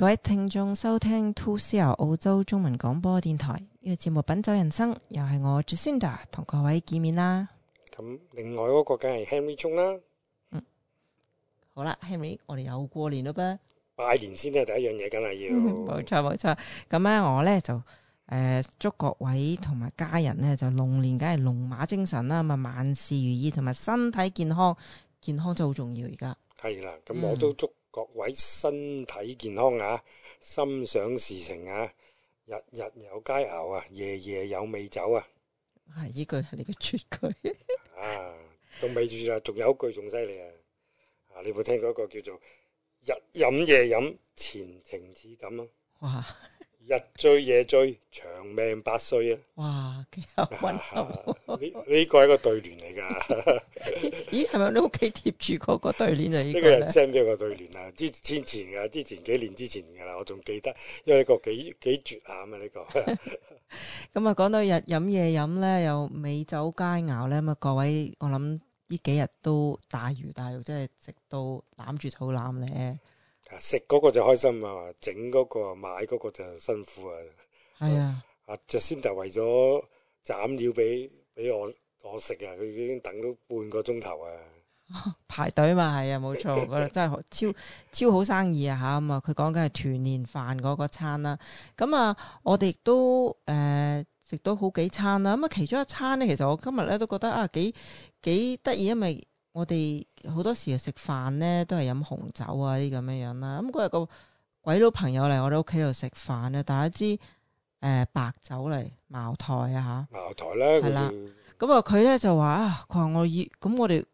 各位聽眾收聽 To C L 澳洲中文廣播電台呢個節目《品酒人生》，又係我 Jacinda 同各位見面啦。咁另外嗰個梗係 Henry 鐘啦。好啦，Henry， 我哋又過年啦噃。拜年先係第一樣嘢，梗係要。冇錯冇錯。咁咧、嗯，我咧就誒、呃、祝各位同埋家人呢，就龍年梗係龍馬精神啦，咁啊，萬事如意，同埋身體健康，健康就好重要而家。係啦，咁我都祝。嗯各位身體健康啊，心想事成啊，日日有佳肴啊，夜夜有美酒啊。係呢句係你嘅絕句啊，都未住啊，仲有一句仲犀利啊！啊，你有冇聽過一個叫做日飲夜飲前程似錦啊？哇日追夜追，長命百歲啊！哇，幾好運啊！呢呢個係個對聯嚟㗎。 咦，係咪你屋企貼住個個對聯啊？呢個係 send 俾個對聯啊！之之前嘅，之前幾年之前㗎啦，我仲記得，因為呢個幾幾絕的的啊！啊呢個。咁啊，講到日飲夜飲咧，又美酒佳肴咧，咁啊，各位，我諗呢幾日都大魚大肉，真係直到攬住肚腩咧。食嗰個就開心啊，整嗰、嗰個買嗰個就辛苦啊。係啊，阿 Jacinda 先就為咗斬料俾俾我我食啊，佢已經等咗半個鐘頭啊。排隊嘛，係啊，冇錯， 真係超 超好生意啊嚇咁、嗯、啊！佢講緊係團年飯嗰個餐啦。咁啊，我哋都誒食、呃、到好幾餐啦。咁啊，其中一餐咧，其實我今日咧都覺得啊幾幾得意，因為，我哋好多時食飯咧，都係飲紅酒啊啲咁樣樣啦。咁、嗯、嗰日個鬼佬朋友嚟我哋屋企度食飯咧，帶一支誒、呃、白酒嚟，茅台啊吓，茅台咧。係啦，咁啊佢咧就話啊，佢話我以咁、嗯、我哋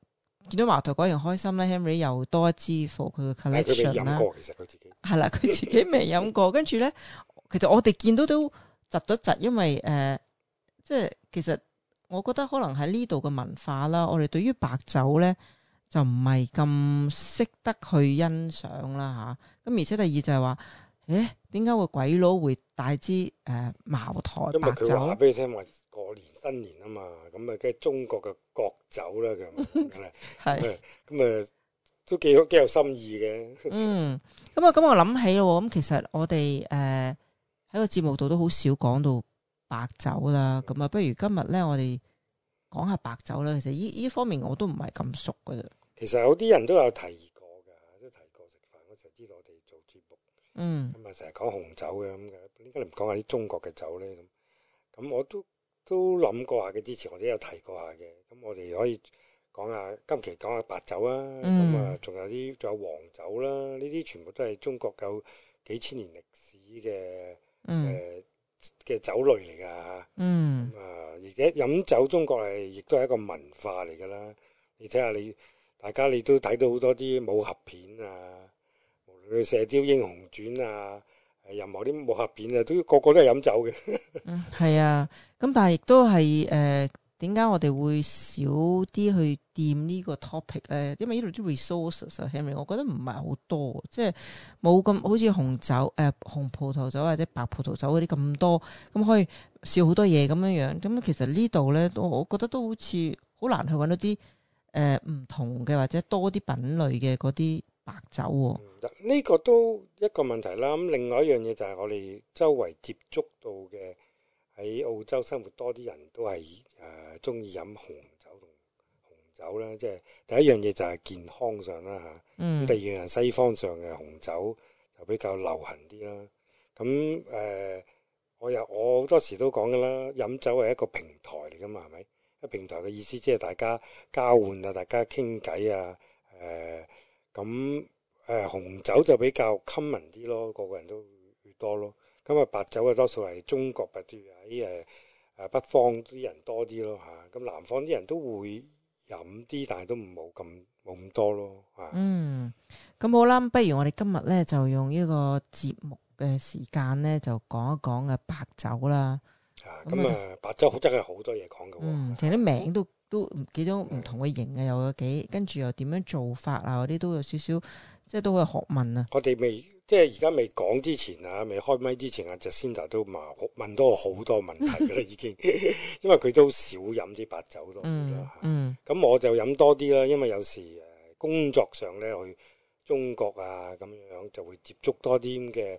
見到茅台果然開心咧、 啊、，Henry 又多一支貨佢嘅 collection 啦。佢未飲過其實佢自己係啦，佢 自己未飲過，跟住咧，其實我哋見到都窒咗窒，因為誒、呃，即係其實。其實我覺得可能喺呢度嘅文化啦，我哋對於白酒咧就唔係咁識得去欣賞啦吓。咁、啊、而且第二就係、是、話，誒，點解個鬼佬會帶支誒茅台白酒？因為佢話俾你聽話過年新年啊嘛，咁啊，即係中國嘅國酒啦，咁啊，咁啊 是，都幾幾有心意嘅。嗯，咁、嗯、啊，咁、嗯、我諗起咯，咁其實我哋誒喺個節目度都好少講到。白酒啦，咁啊，不如今日咧，我哋講下白酒啦。其實依依方面我都唔係咁熟噶咋。其實有啲人都有提過嘅，都提過食飯我成日知道我哋做節目，嗯，咁啊成日講紅酒嘅咁嘅，點解唔講下啲中國嘅酒咧？咁咁我都都諗過下嘅，之前我都有提過下嘅。咁我哋可以講下今期講下白酒啊，咁啊、嗯，仲有啲仲有黃酒啦，呢啲全部都係中國有幾千年歷史嘅，誒、嗯。嘅酒類嚟㗎。嗯，啊、呃，而且飲酒中國係亦都係一個文化嚟㗎啦。你睇下你，大家你都睇到好多啲武俠片，啊，無論射雕英雄傳啊，任何啲武俠片啊，都個個都係飲酒嘅。 嗯，係啊，咁但係亦都係誒。呃點解我哋會少啲去掂呢個 topic 咧？因為呢度啲 resources 我覺得唔係好多，即係冇咁好似紅酒、誒、呃、紅葡萄酒或者白葡萄酒嗰啲咁多，咁、嗯、可以少好多嘢咁樣樣。咁、嗯、其實呢度咧，我我覺得都好似好難去揾到啲誒唔同嘅或者多啲品類嘅嗰啲白酒喎。呢、嗯這個都一個問題啦。咁、嗯、另外一樣嘢就係我哋周圍接觸到嘅。喺澳洲生活多啲人都係誒中意飲紅酒同紅酒啦，即係第一樣嘢就係健康上啦嚇。嗯、第二樣西方上嘅紅酒就比較流行啲啦。咁、嗯、誒、呃，我又我好多時都講噶啦，飲酒係一個平台嚟噶嘛，係咪？一個平台嘅意思即係大家交換啊，大家傾偈啊，誒咁誒紅酒就比較 common 啲咯，個個人都越多咯。咁啊，白酒啊，多數係中國白酒啊，喺誒誒北方啲人多啲咯嚇。咁南方啲人都會飲啲，但係都唔冇咁冇咁多咯嚇。嗯，咁好啦，不如我哋今日咧就用個節呢個節目嘅時間咧，就講一講嘅白酒啦。啊，咁啊，白酒真係好多嘢講㗎喎。嗯，成啲名都都幾種唔同嘅型嘅，又、嗯、有幾跟住又點樣做法啊？嗰啲都有少少。即係都係學問啊。我哋未即係而家未講之前啊，未開咪之前啊就先 Jacinda 都問多好多問題噶啦，已經，因為佢都少飲啲白酒咯、 嗯。嗯，咁、嗯、我就飲多啲啦，因為有時誒工作上咧去中國啊咁樣就會接觸多啲咁嘅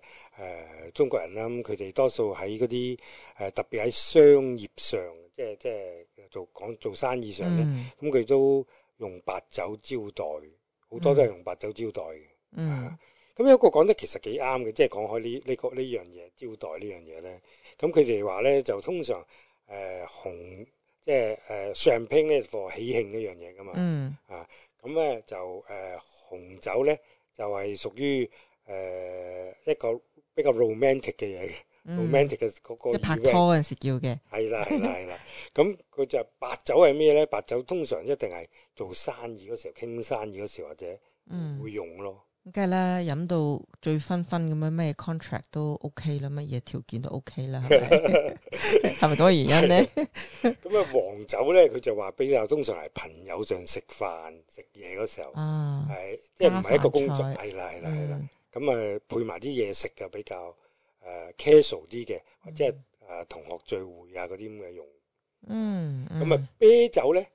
誒中國人啦。咁佢哋多數喺嗰啲誒特別喺商業上，即係即係做講做生意上咧，咁佢、嗯嗯、都用白酒招待。好多都係用白酒招待嘅，嗯，咁、啊、有一個講得其實幾啱嘅，即係講開呢呢個呢樣嘢招待呢樣嘢咧，咁佢哋話咧就通常誒、呃、紅即係誒香檳咧 for 喜慶呢樣嘢噶嘛，嗯啊，咁咧就誒、呃、紅酒咧就係、是、屬於誒、呃、一個比較 romantic 嘅嘢。romantic 嘅嗰拍拖嗰陣時叫嘅，係啦係啦係啦。咁佢就白酒係咩咧？白酒通常一定係做生意嗰時候，傾生意嗰時或者，嗯，會用咯。梗係啦，飲到醉醺醺咁樣，咩 contract 都 OK 啦，乜嘢條件都 OK 啦，係咪嗰個原因咧？咁 啊，黃酒咧，佢就話比較通常係朋友上食飯食嘢嗰時候，係即係唔係一個工作，係啦係啦係啦。咁啊，配埋啲嘢食就比較。誒 casual 啲嘅，或者誒同學聚會啊嗰啲咁嘅用，嗯，嗯，咁啊啤酒咧，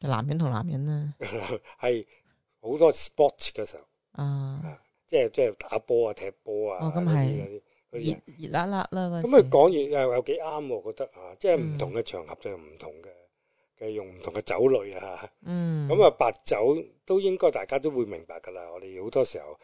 男人同男人呢、 嗯、啊，係好多 sports 嘅時候啊，啊，即係即係打波啊、踢波啊，哦，咁係熱熱辣辣啦，咁啊講完又有幾啱我覺得啊，即係唔同嘅場合就唔同嘅嘅、嗯、用唔同嘅酒類啊，啊嗯，咁、嗯、啊、嗯嗯、白酒都應該大家都會明白㗎啦，我哋好多時候。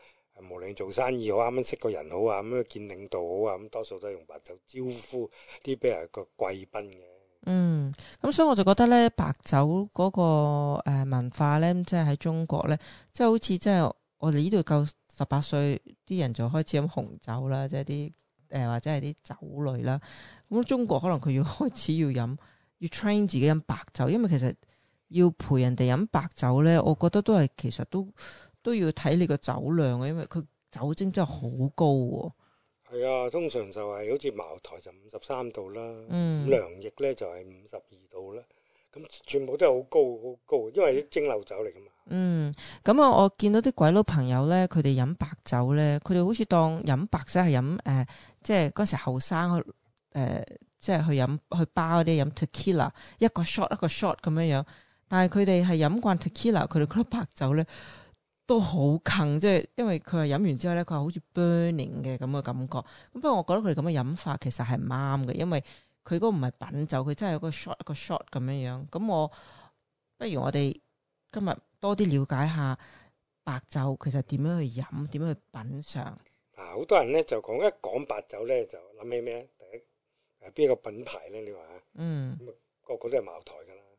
無論做生意好，啱啱識個人好啊，咁樣見領導好啊，咁多數都係用白酒招呼啲，比如個貴賓嘅。嗯，咁所以我就覺得咧，白酒嗰個誒文化咧，即係喺中國咧，即係好似即係我哋呢度夠十八歲，啲人就開始飲紅酒啦，即係啲誒或者係啲酒類啦。咁中國可能佢要開始要飲，要 train 自己飲白酒，因為其實要陪人哋飲白酒咧，我覺得都係其實都。都要睇你個酒量啊，因為佢酒精真係好高喎、哦。係啊，通常就係、是、好似茅台就五十三度啦，嗯，糧液咧就係五十二度啦。咁全部都係好高，好高，因為啲蒸餾酒嚟噶嘛，嗯。嗯、咁、嗯、啊，我見到啲鬼佬朋友咧，佢哋飲白酒咧，佢哋好似當飲白酒係、就是、飲誒，即係嗰時後生誒，即、呃、係、就是、去飲去包嗰啲飲 tequila，一個 shot 一個 shot 咁樣樣。但係佢哋係飲慣 tequila，佢哋嗰啲白酒咧。都好坑，即係因為佢係飲完之後咧，佢係好似 burning 嘅咁嘅感覺。咁不過我覺得佢哋咁嘅飲法其實係唔啱嘅，因為佢嗰個唔係品酒，佢真係有個 shot 一個 shot 咁樣樣。咁我不如我哋今日多啲了解下白酒其實點樣去飲，點、嗯、樣去品嚐。嗱、啊，好多人咧就講一講白酒咧就諗起咩？第一誒邊、啊、個品牌咧？你話嚇、啊，嗯，咁啊個個都係茅台㗎。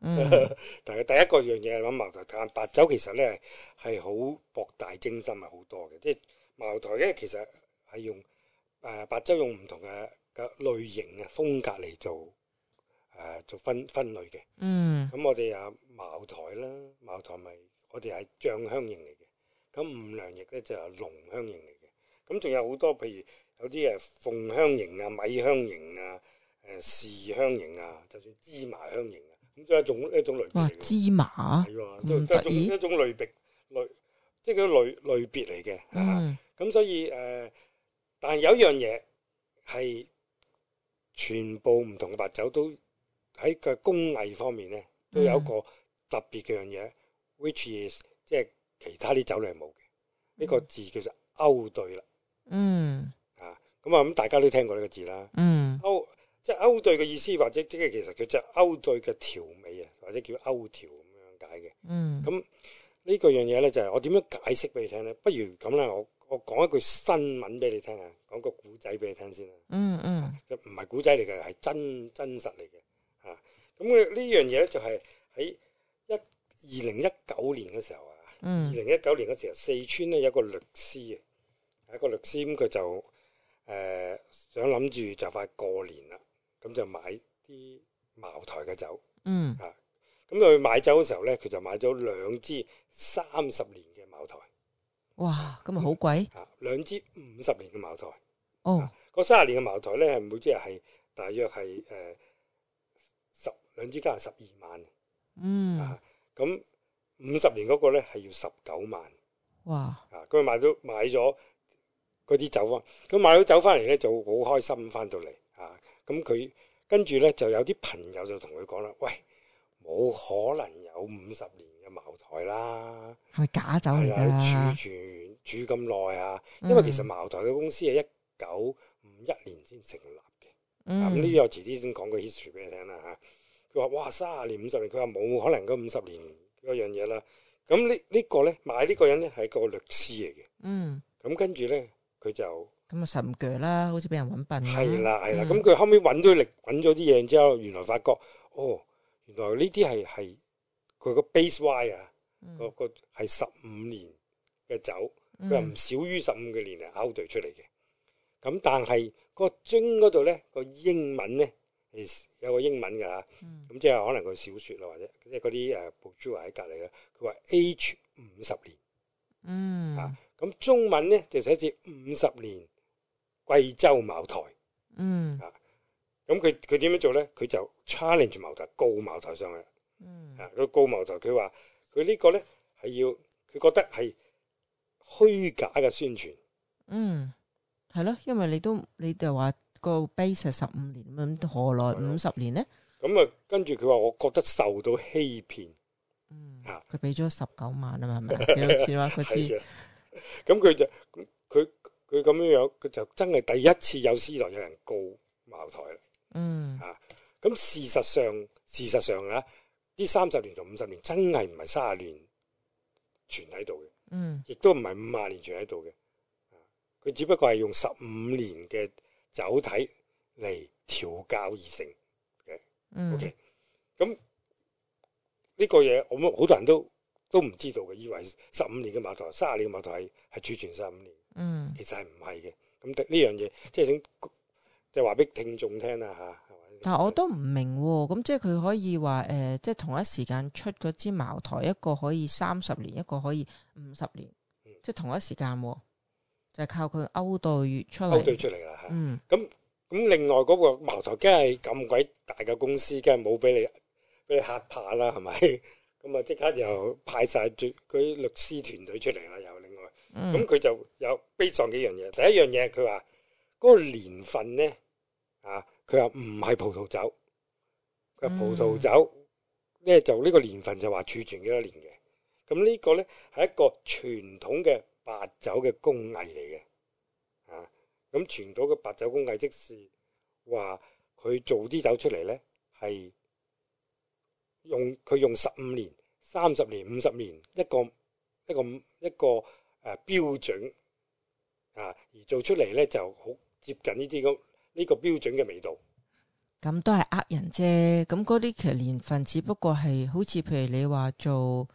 但係、嗯、 第一個樣嘢，諗茅台嘅白酒，其實咧係好博大精深，係好多嘅。即係茅台咧，其實係用誒、呃、白酒用唔同嘅嘅類型啊、風格嚟做誒、呃、做分分類嘅。嗯、咁、嗯、我哋有茅台啦，茅台咪、就是、我哋係醬香型嚟嘅。咁五糧液咧就係濃香型嚟嘅。咁仲有好多，譬如有啲誒鳳香型啊、米香型啊、誒豉香型啊，就算芝麻香型。咁即係一種一種類別芝麻啊，唔得意。一種類別，類即係佢類類別嚟嘅。嗯。咁、啊、所以誒、呃，但係有一樣嘢係全部唔同嘅白酒都喺嘅工藝方面咧，都有一個特別嘅樣嘢，which is 即係其他啲酒類係冇嘅。呢、嗯、個字叫做勾兌啦。嗯。啊，咁啊，咁大家都聽過呢個字啦。嗯。即係勾兌嘅意思，或者即係其實佢就勾兌嘅調味啊，或者叫勾調咁樣解嘅。嗯，咁呢個樣嘢咧就係、是、我點樣解釋俾你聽咧？不如咁啦，我我講一句新聞俾你聽啊，講個古仔俾你聽先啦，嗯。嗯嗯，唔係古仔嚟嘅，係真真實嚟嘅嚇。咁、啊、嘅呢樣嘢咧就係、是、喺一二零一九年嘅時候啊，二零一九年嘅時候，四川咧有個律師啊，係一個律師咁，佢就誒、呃、想諗住就快過年啦。咁就買啲茅台嘅酒，嗯，啊，咁佢買酒嘅時候咧，佢就買咗兩支三十年嘅茅台，哇，咁啊好貴，啊，兩支五十年嘅茅台，哦，三十年嘅茅台咧係每支係大約係誒十，兩支加埋十二萬，嗯，咁五十年嗰個咧係要十九萬，哇，啊，咁佢買咗買咗嗰啲酒翻，咁買咗酒翻嚟咧就好開心咁翻到嚟。咁佢、嗯、跟住咧，就有啲朋友就同佢講啦，喂，冇可能有五十年嘅茅台啦，係咪假酒嚟啊？儲存儲咁耐啊！因為其實茅台嘅公司係一九五一年先成立嘅。咁呢、嗯，嗯、我遲啲先講個 history 俾你聽啦嚇。佢、啊、話，哇，三十年、五十年，佢話冇可能嗰五十年嗰樣嘢啦。咁呢呢個咧，買呢個人咧係個律師嚟嘅。嗯。咁跟住咧，佢就。咁啊，十五腳啦，好似俾人揾笨。係啦，係啦。咁、嗯、佢後尾揾咗力，揾咗啲嘢之後，原來發覺，哦，原來呢啲係係佢個 base wine 啊，個個係十五年嘅酒，佢話唔少於十五嘅年嚟勾兌出嚟嘅。咁但係個樽嗰度咧，個英文咧係有個英文㗎嚇，咁、嗯、即係可能個小説啊或者即係嗰啲誒葡珠喺隔離啦。佢話 H 五十年，嗯啊，咁中文咧就寫住五十年。貴州茅台，嗯啊，咁佢佢點樣做咧？佢就 challenge 茅台告茅台上去，嗯啊，個告茅台佢話佢呢個咧係要佢覺得係虛假嘅宣傳，嗯係咯，因為你都你就話，這個 base 係十五年，咁何來五十年咧？咁啊，跟住佢話我覺得受到欺騙，嗯啊，佢俾咗十九萬啊嘛，係咪？佢知 咁佢就佢。 佢咁樣樣，佢就真係第一次有史以來有人告茅台啦。嗯，啊，咁事實上，事實上、嗯、啊，呢三十年同五十年真係唔係三十年存喺度嘅，嗯，亦都唔係五十年存喺度嘅。佢只不過係用十五年嘅酒體嚟調校而成嘅。OK 咁呢個嘢，我好、okay, 嗯、多人都都唔知道嘅，以為十五年嘅茅台，三十年嘅茅台係係儲存十五年。嗯，其實係唔係嘅，咁呢樣嘢即係就話俾聽眾聽啦吓。但係我都唔明，啊，咁即係佢可以話誒，呃，即係同一時間出嗰支茅台，一個可以三十年，一個可以五十年，嗯，即係同一時間，啊，就係、是、靠佢勾兌出嚟。勾兌出嚟啦，吓。咁咁，嗯，另外嗰個茅台，梗係咁鬼大嘅公司，梗係冇俾你俾你吓怕啦，係咪？咁啊，即刻又派晒嗰啲律師團隊出嚟啦，又。咁佢、嗯、就有悲壯幾樣嘢。第一樣嘢，佢話嗰個年份呢，啊，佢話唔係葡萄酒，佢話葡萄酒呢，就呢、嗯、個年份就話儲存幾多年嘅。咁呢個呢，係一個傳統嘅白酒嘅工藝嚟嘅。咁傳統嘅白酒工藝即是話佢做啲酒出嚟呢，係用佢用十五年、三十年、五十年一個一個一個。一個一個誒、啊，標準啊，而做出嚟咧就好接近呢啲咁呢個標準嘅味道。咁都係呃人啫。咁嗰啲其實年份只不過係好似譬如你話做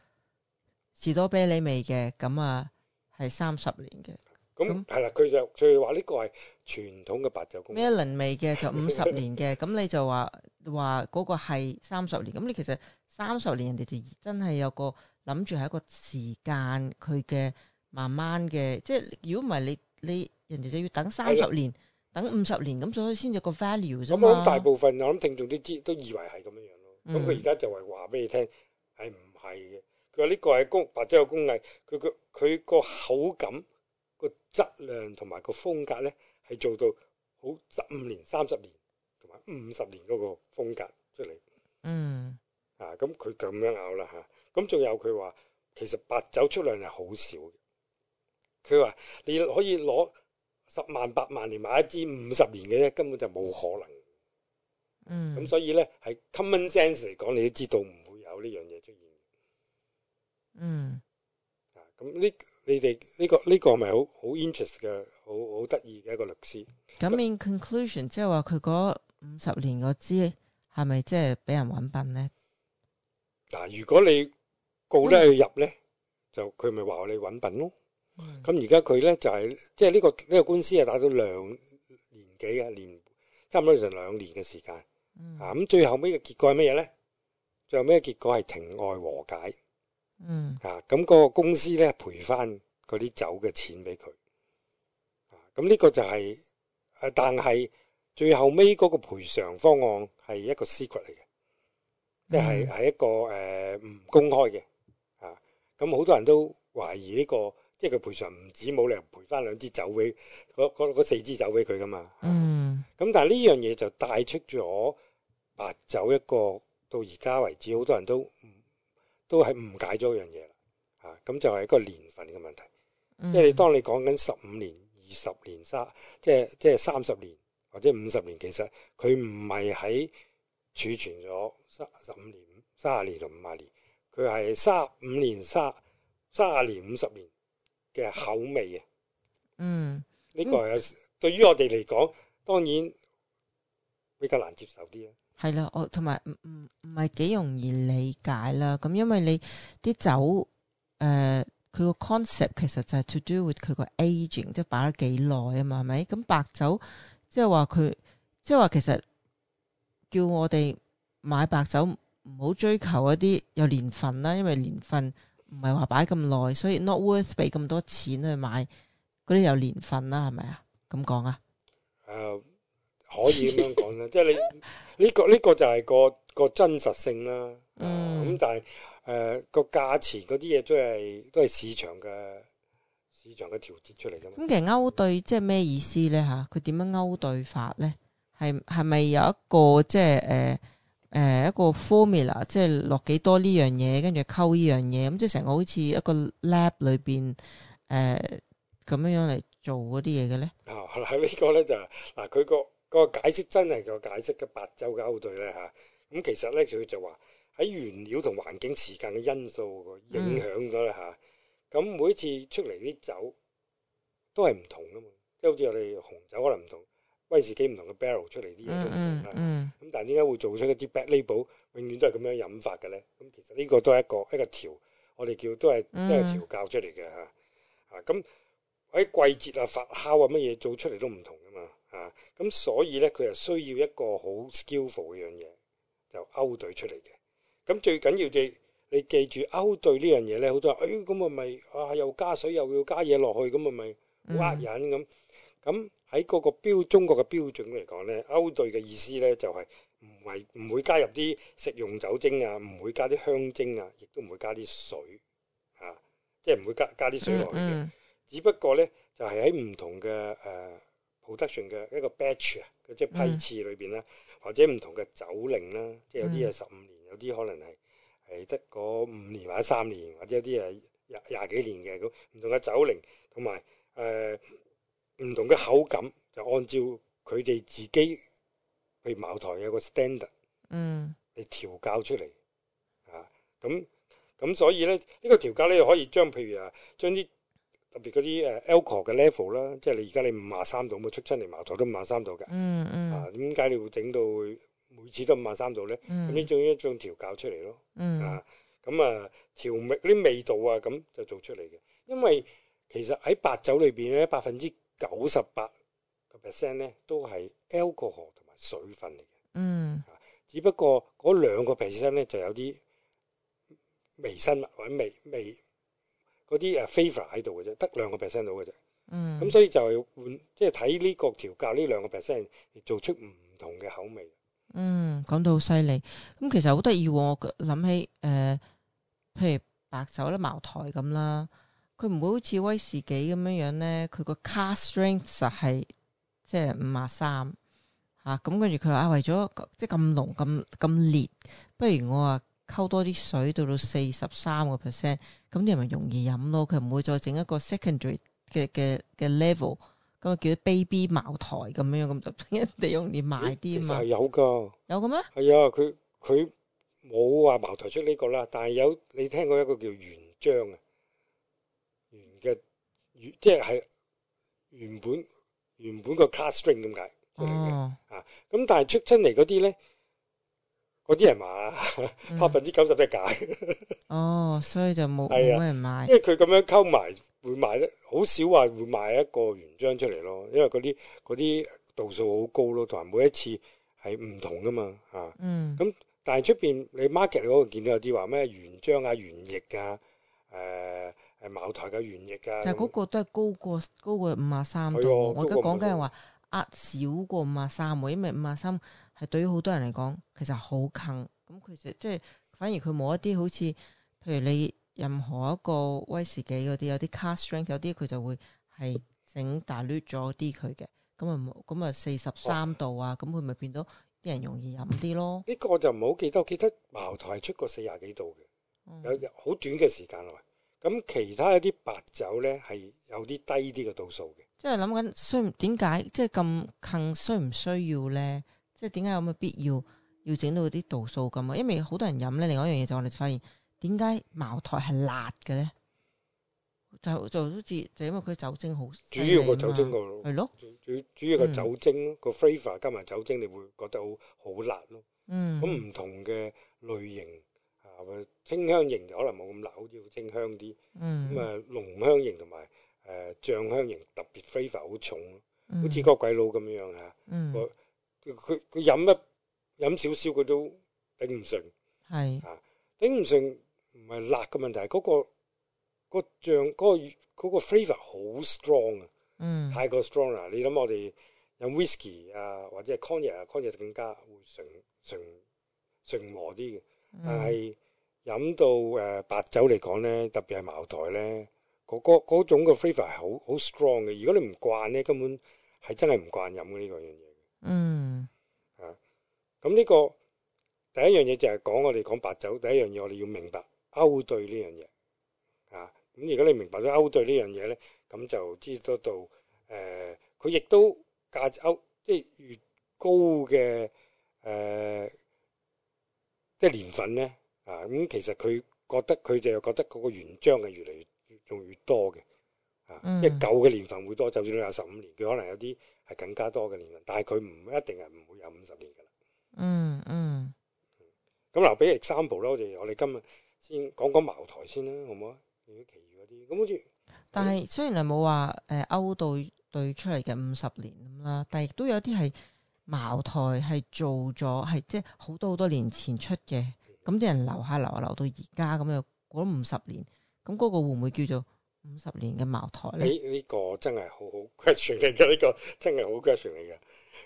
士多啤梨味嘅，咁啊係三十年嘅。咁係啦，佢就佢話呢個係傳統嘅白酒工。Melon 味嘅就五十年嘅，咁 你就話話嗰個係三十年。咁你其實三十年人哋就真係有個諗住係一個時間佢嘅。慢慢嘅，即係如果唔係你你人哋就要等三十年，的等五十年咁，所以先有個 value 啫，咁大部分、嗯、我諗聽眾都知都以為係咁樣樣咯。咁佢而家就話話俾你聽係唔係嘅。佢話呢個係工白酒嘅工藝，佢個佢個口感個質量同埋個風格咧，係做到好十五年、三十年同埋五十年嗰個風格出嚟。嗯啊，咁佢咁樣咬啦吓。咁、啊、仲有佢話，其實白酒出量係好少嘅。佢話：你可以攞十萬、八萬嚟買一支五十年嘅咧，根本就冇可能。嗯，嗯，咁所以咧，係 common sense 嚟講，你都知道唔會有呢樣嘢出現。嗯、啊。咁呢？你哋呢、呢個呢、呢個咪好好 interesting 嘅，好好得意嘅一個律師。咁 in conclusion，即係話佢嗰五十年嗰支係咪即係俾人揾笨咧？嗱、啊，如果你告得佢入咧，嗯、就佢咪話你揾笨咯。咁而家佢咧就係、是、即係呢、呢個呢、呢個官司係打到兩年幾啊年，差唔多成兩年嘅時間。嗯、啊咁最後尾嘅結果係乜嘢咧？最後尾嘅結果係庭外和解。嗯啊，咁、嗯、個公司咧賠翻嗰啲酒嘅錢俾佢。啊，咁、嗯、呢個就係誒，但係最後尾嗰個賠償方案係一個 secret 嚟嘅，即係係一個誒唔公開嘅。啊，咁好、嗯呃啊嗯、多人都懷疑呢、呢個。即係佢賠償唔止冇理由賠翻兩支酒俾嗰四支酒俾佢噶嘛？嗯。咁但係呢樣嘢就帶出咗白酒一個到而家為止，好多人都都係誤解咗一樣嘢啦嚇。咁、啊、就係一個年份嘅問題。嗯、即係你當你講緊十五年、二十年、三即係即係三十年或者五十年，其實佢唔係喺儲存咗三十五年、三十年同五十年，佢係三五年、三三十年、五十年。嘅口味啊，嗯，呢個對於我哋嚟講，當然比較難接受啲啦。係啦，我同埋唔唔唔係幾容易理解啦。咁因為你啲酒誒，佢個 concept 其實就係 to do with 佢個 aging，即係擺咗幾耐啊嘛，係咪？咁，嗯，白酒即係話佢，即係話其實叫我哋買白酒唔好追求一啲有年份啦，因為年份。唔係話擺咁耐，所以 not worth 俾咁多錢去買嗰啲有年份啦，係咪啊？咁講啊？誒，可以咁樣講啦。 即係你呢、這個呢、這個就係個個真實性啦、啊。嗯，咁、嗯、但係誒、呃、個價錢嗰啲嘢都係都係市場嘅市場嘅調節出嚟噶嘛？咁、嗯、其實勾兌即係咩意思咧？吓、啊，佢點樣勾兌法咧？係係咪有一個即係誒？呃誒一個 formula，即係落幾多呢樣嘢，跟住溝呢樣嘢，咁即係成個好似一個 lab 裏邊誒咁樣樣嚟做嗰啲嘢嘅咧。嗱，呢個咧就係，嗱，佢個個解釋真係個解釋嘅白酒嘅勾兌咧嚇。咁其實咧佢就話喺原料同環境時間嘅因素影響咗啦嚇。咁每次出嚟啲酒都係唔同噶嘛，即係好似我哋紅酒可能唔同。威士忌唔同嘅 barrel 出嚟啲嘢都唔同啊，咁、mm, mm, mm. 但係點解會做出一啲 bad label，永遠都係咁樣引發嘅咧？咁其實呢個都係一個一個,、mm. 一個調，我哋叫都係都係調教出嚟嘅嚇。啊咁喺、啊嗯、季節啊發酵啊乜嘢做出嚟都唔同噶嘛。啊咁、啊、所以咧佢係需要一個好 skillful 嘅樣嘢，就勾兌出嚟嘅。咁、啊、最緊要你你記住勾兌呢樣嘢咧，好多人誒咁、哎、啊咪啊又加水又要加嘢落去咁啊咪好呃人咁。Mm. 咁喺嗰個標中國嘅標準嚟講咧，勾兌嘅意思咧就係唔係唔會加入啲食用酒精啊，唔會加啲香精啊，亦都唔會加啲水啊，即係唔會加加啲水落去嘅。嗯嗯、只不過咧，就係喺唔同嘅誒 production 嘅一個 batch 啊、嗯，即係批次裏邊啦，或者唔同嘅酒齡啦，即係有啲係十五年，嗯、有啲可能係係得嗰五年或者三年，或者有啲係廿廿幾年嘅咁唔同嘅酒齡，同埋誒。呃唔同嘅口感就按照佢哋自己，譬如茅台有一個 standard，嗯，嚟調教出嚟，啊，咁咁所以咧，呢個調教咧可以將，譬如啊，將啲特別嗰啲誒 alcohol 嘅 level 啦、啊，即係你而家你五廿三度咪出出嚟茅台都五廿三度嘅，嗯嗯，啊，點解你會整到每次都五廿三度咧？咁呢種一種調教出嚟咯，嗯、啊，咁啊調味啲味道啊咁就做出嚟嘅，因為其實喺白酒裏邊咧百分之。九十八個 percent 咧，都係 alcohol 同埋水分嚟嘅。嗯，只不過嗰兩個 percent 咧，就有啲微生物或者微微嗰啲誒 flavour 喺度嘅啫，得兩個 percent 到嘅啫。嗯，咁、嗯、所以就係換即係睇呢個調教呢兩個 percent，做出唔同嘅口味。嗯，講到好犀利。咁其實好得意喎，我諗起誒、呃，譬如白酒啦、茅台咁啦。佢唔會好似威士忌咁樣樣咧，佢個 cask strength 係、就是、即係五啊三嚇，咁跟住佢話啊，為咗即係咁濃咁咁烈，不如我話溝多啲水到到四十三個 percent，咁你咪容易飲咯。佢唔會再整一個 secondary 嘅嘅嘅 level，咁、嗯、啊叫啲 baby 茅台咁樣咁就 一定容易賣啲啊嘛。有噶有嘅咩？係啊，佢佢冇話茅台出呢個啦，但係有你聽過一個叫原漿啊。即係原本原本個 class string 咁解，哦，啊咁但係出親嚟嗰啲咧，嗰啲人話百分之九十都係假，哦 所以就冇冇人買，因為佢咁樣溝埋會賣咧，好少話會賣一個原漿出嚟咯，因為嗰啲啲度數好高咯，同埋每一次係唔同噶嘛，啊、咁、嗯嗯、但係出邊你 market 你嗰度見到有啲話咩原漿啊原液啊，誒。呃係茅台嘅原液㗎、啊，但係嗰個都係高過高過五啊三度。啊、我而家講緊係話壓少過五啊三喎，因為五啊三係對於好多人嚟講其實好近。咁、嗯、佢就即係反而佢冇一啲好似，譬如你任何一個威士忌嗰啲有啲 cask strength，有啲佢就會係整大攣咗啲佢嘅。咁啊咁啊四十三度啊，咁佢咪變到啲人容易飲啲咯？呢個我就唔好記得，我記得茅台出過四廿幾度嘅，有好短嘅時間喎。咁其他一啲白酒咧，係有啲低啲嘅度數嘅。即係諗緊需點解即係咁近需唔需要咧？即係點解有乜必要要整到啲度數咁啊？因為好多人飲咧，另外一樣嘢就我哋發現，點解茅台係辣嘅咧？就就，就好似就因為佢酒精好，主要個酒精個係咯，主主要個酒精個 flavor、嗯、加埋酒精，你會覺得好好辣咯。嗯，咁唔同嘅類型。清香型就可能冇咁辣，好似好清香啲。嗯，嗯。咁啊，濃香型同埋誒醬香型特別 flavor 好重，好似、嗯、個鬼佬咁樣樣嗯。佢佢佢飲一飲少少佢都頂唔順。係是。嚇、啊，頂唔順唔係辣嘅問題，嗰、嗰個、嗰個醬嗰、嗰個、嗰個、flavor 好 strong 啊。嗯。太過 strong 啦！你諗我哋飲 whisky 啊，或者係 cognac、啊、cognac 更加會順順順和啲嘅，但係。飲到誒白酒嚟講咧，特別係茅台咧，嗰嗰嗰種嘅 flavour 係好好 strong 嘅。如果你唔慣咧，根本係真係唔慣飲嘅呢個樣嘢。嗯啊，咁呢個第一樣嘢就係講我哋講白酒第一樣嘢，我哋要明白勾兌呢樣嘢啊。咁如果你明白咗勾兌呢樣嘢咧，咁就知得到誒佢亦都價值勾即係越高嘅誒，即係年份咧。啊，咁、嗯、其實佢覺得佢就覺得嗰個原漿係越嚟越仲越，越多嘅，啊，嗯、即係舊嘅年份會多，就算你有十五年，佢可能有啲係更加多嘅年份，但係佢唔一定係唔會有五十年嘅啦，嗯。嗯嗯。咁留俾 example 咯，我哋我哋今日先講講茅台先啦，好唔好啊？至於其他嗰啲，咁好似……但係雖然你冇話誒勾兌兌出嚟嘅五十年啦，但係亦都有啲係茅台係做咗係即係好多好多年前出嘅。咁啲人留下，留下留下留到而家咁樣過咗五十年，咁嗰個會唔會叫做五十年嘅茅台咧？呢、哎呢個真係好 question 嚟嘅，呢、呢個真係好 question 嚟嘅。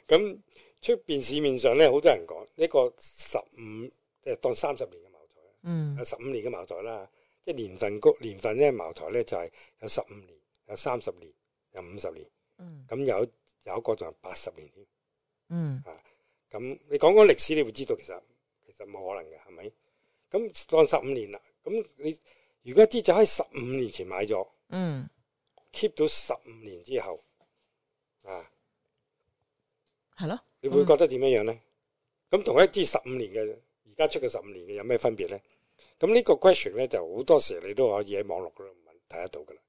咁出邊市面上咧，好多人講呢個十五，即係當三十年嘅茅台。嗯，有十五年嘅茅台啦，即係年份年份咧，茅台咧就係有十五年，有三十年，有五十年。嗯，咁有有一個就係八十年添。嗯，啊，咁你講講歷史，你會知道其實。就冇可能嘅，係咪？咁當十五年啦，咁你如果支酒喺十五年前買咗，嗯，keep 到十五年之後，啊，係咯的，你會覺得點樣樣咧？咁、嗯、同一支十五年嘅，而家出嘅十五年嘅有咩分別咧？咁呢個 question 咧就好多時你都可以喺網絡嗰度問睇得到噶啦。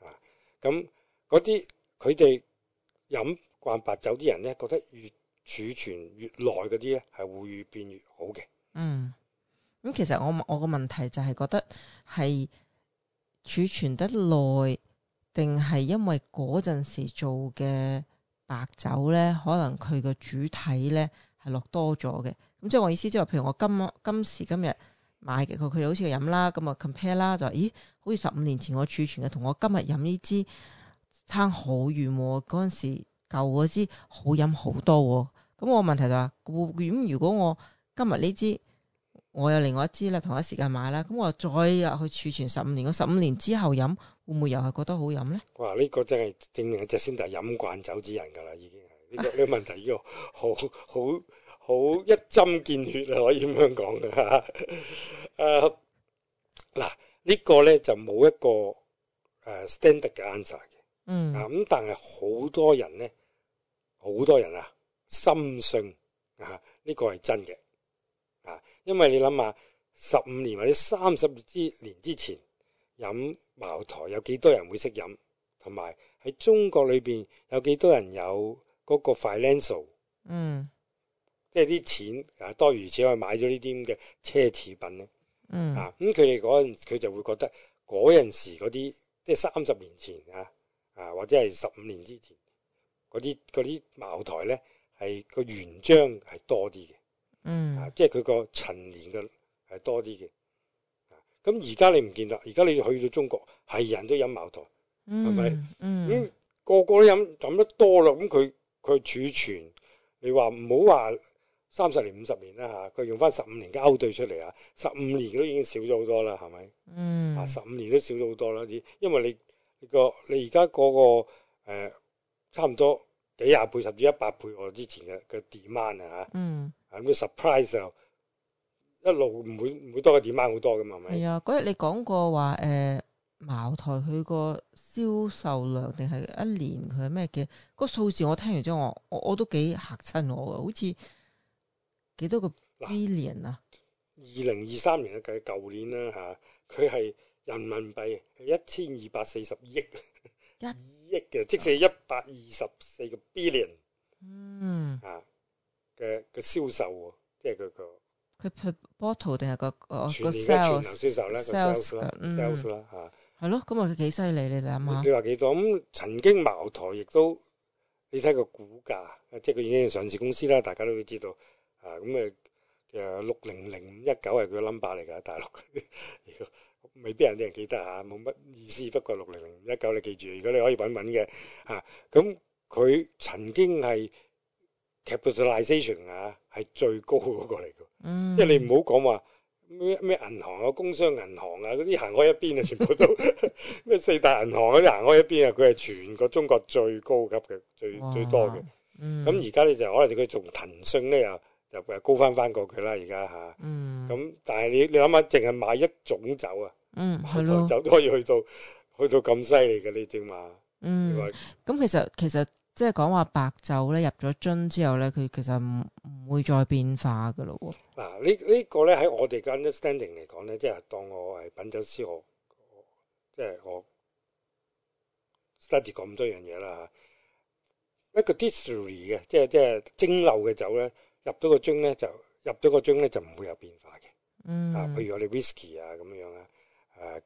啊，咁嗰啲佢哋飲慣白酒啲人咧，覺得越儲存越耐嗰啲咧，係會越變越好嘅。嗯，咁其實我我個問題就係覺得係儲存得耐，定係因為嗰陣時做嘅白酒咧，可能佢個主體咧係落多咗嘅。咁、嗯、即係我意思，即係話譬如我今今時今日買嘅佢，佢好似飲啦，咁啊 compare 啦，就話咦，好似十五年前我儲存嘅同我今日飲呢支差遠，哦、好遠喎、哦。嗰陣時舊嗰支好飲好多喎。咁我問題就話、是，咁如果我今日呢支？我有另外一支啦，同一時間買啦，咁我再入去儲存十五年，十五年之後飲，會唔會又係覺得好飲咧？哇！呢、這個真係正正係隻先達飲慣酒之人噶啦，已經係呢、這個呢、這個問題個，呢個 好好好一針見血啊！可以咁樣講嘅嚇。嗱、啊，這個、呢個咧就冇一個誒、啊、standard 嘅 answer 嘅，嗯咁，但係好多人咧，好多人啊，深信啊呢、這個係真嘅。因為你諗下，十五年或者三十之年之前飲茅台有幾多人會識飲，同埋喺中國裏邊有幾多人有嗰個 financial，嗯即，即係啲錢啊多餘，始終買咗呢啲咁嘅奢侈品咧，嗯啊咁佢哋嗰陣佢就會覺得嗰陣時嗰啲即係三十年前啊啊或者係十五年之前嗰啲啲茅台咧係個原漿係多啲嘅。嗯，啊、即係佢個陳年嘅係多啲嘅，咁而家你唔見得，而家你去到中國係人都飲茅台，係咪、嗯？咁個個都飲飲得多啦，咁佢佢儲存，你話唔好話三十年五十年啦吓，佢用翻十五年嘅勾兌出嚟啊，十五年，年都已經少咗好多啦，係咪？嗯，十五、啊、年都少咗好多啦啲，因為你，你個你而家、嗰個個誒、呃、差唔多。幾下倍甚至一百倍我之前嘅嘅 demand 啊吓，咁個 surprise 又一路唔會唔會多嘅 demand 好多㗎嘛，係咪？係啊，嗰日你講過話誒、呃，茅台佢個銷售量定係一年佢咩嘅個數字？我聽完之後我我都幾吓親我,我嚇啊。好似幾多個 billion 啊！二零二三年嘅計舊年啦吓，佢係人民幣 一千二百四十億。即使一百二十四個 billion，嗯，啊嘅嘅銷售喎，即係佢個佢 portal 定係個個全年嘅銷售咧，sales 啦，嗯，sales 啦，吓係咯，咁啊幾犀利你哋啊嘛？你話幾多？咁曾經茅台亦都，你睇個股價，即係佢已經上市公司啦，大家都會知道，啊咁誒，誒六零零五一九係佢 number 嚟噶，大陸。 未必有啲人記得嚇，冇乜意思。不過六零零一九，你記住，如果你可以揾揾嘅嚇，咁、啊、佢曾經係 capitalisation 啊，係最高嗰個嚟嘅。嗯、即係你唔好講話咩咩銀行啊，工商銀行啊嗰啲行開一邊啊，全部都咩 四大銀行啲行開一邊啊。佢係全個中國最高級嘅，最哇最多嘅。咁而家咧就可能佢仲騰訊咧啊！入高翻翻過佢啦，而家嚇，咁、嗯、但係你你諗下，淨係買一種酒啊，白、嗯、酒都可以去到去到咁犀利嘅呢啲嘛？嗯，咁為、嗯、其實其實即係講話白酒咧入咗樽之後咧，佢其實唔唔會再變化嘅咯喎。嗱、啊這個這個、呢呢個咧喺我哋嘅 understanding 嚟講咧，即係當我係品酒師，我即係我 study 咁多樣嘢啦吓，一個 distillery 嘅，即係、啊這個、即係蒸餾嘅酒咧。入到個樽咧就入到個樽咧就唔會有變化嘅、嗯啊啊，啊，譬如我哋 whisky 啊咁樣啊，誒、啊、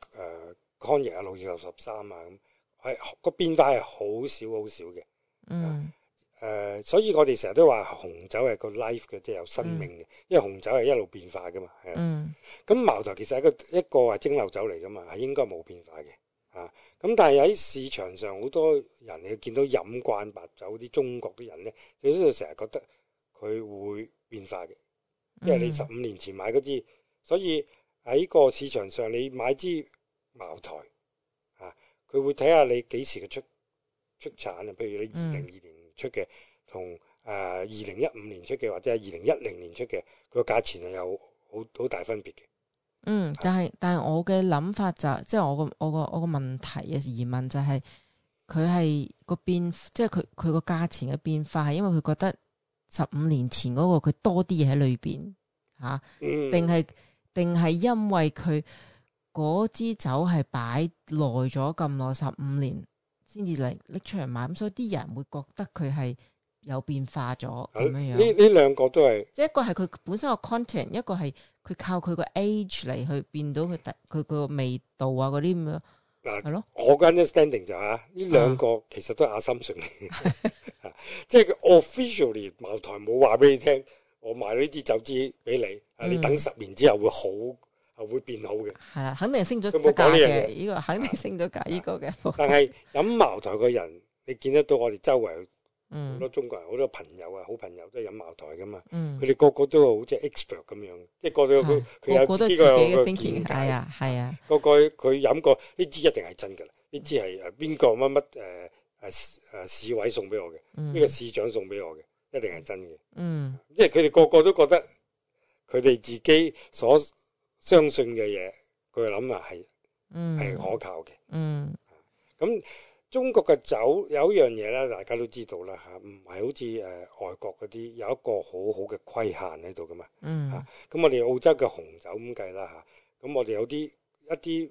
誒，康爺啊六二六十三啊咁，係個變化係好少好少嘅，嗯，誒、啊，所以我哋成日都話紅酒係個 life 嘅，即、就、係、是、有生命嘅，嗯、因為紅酒係一路變化嘅嘛，係啊，咁、嗯、茅台其實係個一個係蒸餾酒嚟㗎嘛，係應該冇變化嘅，啊，咁但係喺市場上好多人你見到飲慣白酒啲中國啲人咧，佢哋成日覺得。佢會變化嘅，因為你十五年前買嗰支，嗯、所以喺個市場上你買支茅台，啊，佢會睇下你幾時嘅出出產啊，譬如你二零二年出嘅，同誒二零一五年出嘅，或者係二零一零年出嘅，佢個價錢係有好好大分別嘅。嗯，啊、但係但係我嘅諗法就即、是、係、就是、我個我個我個問題嘅疑問就係、是，佢係個變，即係佢佢個價錢嘅變化係因為佢覺得。十五年前嗰個佢多啲嘢喺裏邊嚇，定係定係因為佢嗰支酒係擺耐咗咁耐十五年先至嚟拎出嚟賣，咁、嗯、所以啲人會覺得佢係有變化咗咁樣樣。呢呢兩個都係，即係一個係佢本身個 content，一個係佢靠佢個 age 嚟去變到佢第佢個味道啊嗰啲咁樣。嗱，啊、咯我嘅 understanding 就吓，是，呢兩個其實都係阿心上嚟，啊 啊，即係 officially 茅台冇話俾你聽，我賣咗呢支酒支俾你，嗯、你等十年之後會好，係會變好嘅，係啦，啊，肯定升咗價，呢個肯定升咗價呢個嘅。啊，但係飲茅台嘅人，你見得到我哋周圍。好多中國人，好多朋友啊，好朋友都飲茅台噶嘛。佢哋個個都好即係 expert 咁樣，即係個個佢、啊、有呢個自己嘅見解個個、呃、啊，係啊。個個佢飲過呢支一定係真噶啦，呢支係誒邊個乜乜誒誒誒市委送俾我嘅，呢個市長送俾我嘅，嗯、一定係真嘅。嗯，因為佢哋個個都覺得佢哋自己所相信嘅嘢，佢諗啊係，係、嗯、可靠嘅。嗯，咁。中國嘅酒有一樣嘢咧，大家都知道啦嚇，唔係好似誒、呃、外國嗰啲有一個好好嘅規限喺度噶嘛。嗯。咁、啊、我哋澳洲嘅紅酒咁計啦嚇，咁、啊、我哋有啲一啲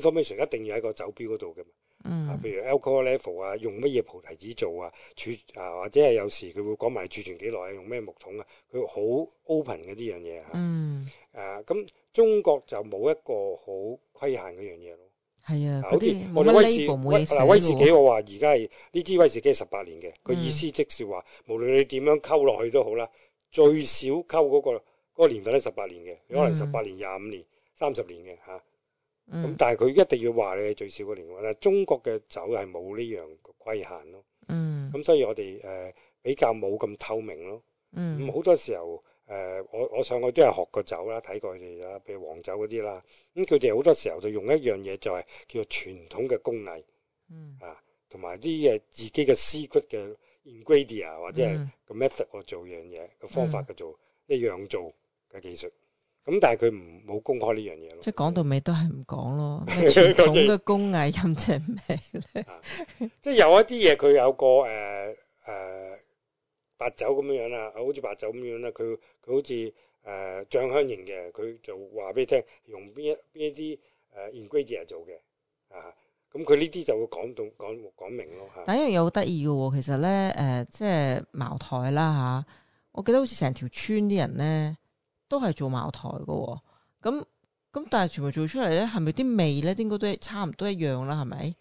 information 一定要喺個酒標嗰度噶嘛。嗯、啊。譬如 alcohol level 啊，用乜嘢葡提子做啊，儲啊，或者係有時佢會講埋儲存幾耐啊，用咩木桶啊，佢好 open 嘅呢樣嘢嚇。啊、嗯。誒、啊，咁中國就冇一個好規限嗰樣嘢咯。係啊，嗰啲無威士忌我話而家係呢支威士忌係十八年嘅，佢、嗯、意思即是話，無論你點樣溝落去都好啦，最少溝嗰、嗰個、嗰個年份都十八年嘅，你可能十八年、廿五年、三十年嘅吓。咁、啊嗯嗯、但係佢一定要話你係最少嗰年份。但係中國嘅酒係冇呢樣規限咯。嗯，咁、嗯、所以我哋誒、呃、比較冇咁透明咯。嗯，好多時候。誒，我我上過都係學過酒啦，睇過佢哋啦，譬如黃酒嗰啲啦，咁佢哋好多時候就用一樣嘢，就係叫做傳統嘅工藝，嗯啊，同埋啲誒自己嘅 secret 嘅 ingredient 或者係個 method 做樣嘢個方法嘅做一樣做嘅技術，咁但係佢唔冇公開呢樣嘢咯。即係講到尾都係唔講咯，傳統嘅工藝又唔值咩咧？即係有一啲嘢佢有個誒。白酒咁樣樣啦，好似白酒咁樣啦，佢佢好似誒、呃、醬香型嘅，佢就話俾你聽，用邊一邊一啲誒、呃、ingredient 做嘅，啊，咁佢呢啲就會講到講講，講明咯嚇。第一樣嘢好得意嘅喎，其實咧誒、呃，即係茅台啦嚇，我記得好似成條村啲人咧都係做茅台嘅喎，咁咁但係全部做出嚟咧，係咪啲味咧應該都係差唔多一樣啦，係咪？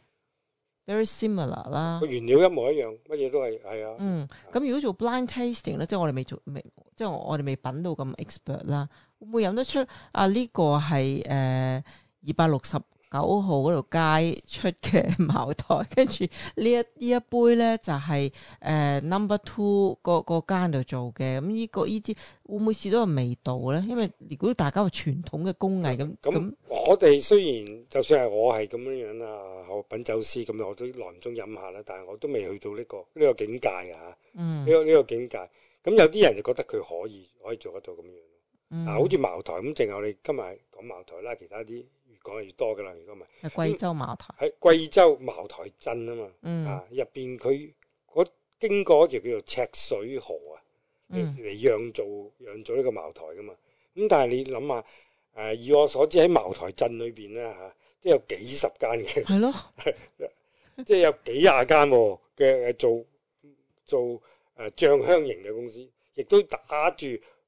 Very similar 啦，個原料一模一樣，乜嘢都係係啊。嗯，咁如果做 blind tasting 咧，即係我哋未做，未即係我哋未品到咁 expert 啦，會唔會飲得出啊？呢個係誒二百六十呃九號嗰度街出嘅茅台，跟住呢一呢一杯咧就係誒 number two 嗰嗰間度做嘅，咁、這、呢個呢啲、這個、會唔會試，試到個味道咧？因為如果大家話傳統嘅工藝咁，咁我哋雖然就算係我係咁樣樣啦，我、啊、品酒師咁樣，我都耐唔中飲下啦，但係我都未去到呢、這個呢、這個境界啊！嗯、這個，呢個呢個境界，咁有啲人就覺得佢可以可以做得到咁樣樣，嗱、嗯，好似茅台咁，淨係我哋今日講茅台啦，其他啲。講嘅越多嘅啦，如果唔係，係貴州茅台喺貴州茅台鎮啊嘛，嗯、啊入邊佢嗰經過就叫做赤水河啊，嚟嚟、嗯、釀造釀造呢個茅台嘅嘛。咁但係你諗下，誒、呃、以我所知喺茅台鎮裏邊咧嚇，即、啊、有幾十間嘅，係咯、嗯，即係 有幾廿間嘅、啊、做做誒、啊、醬香型嘅公司，亦都打住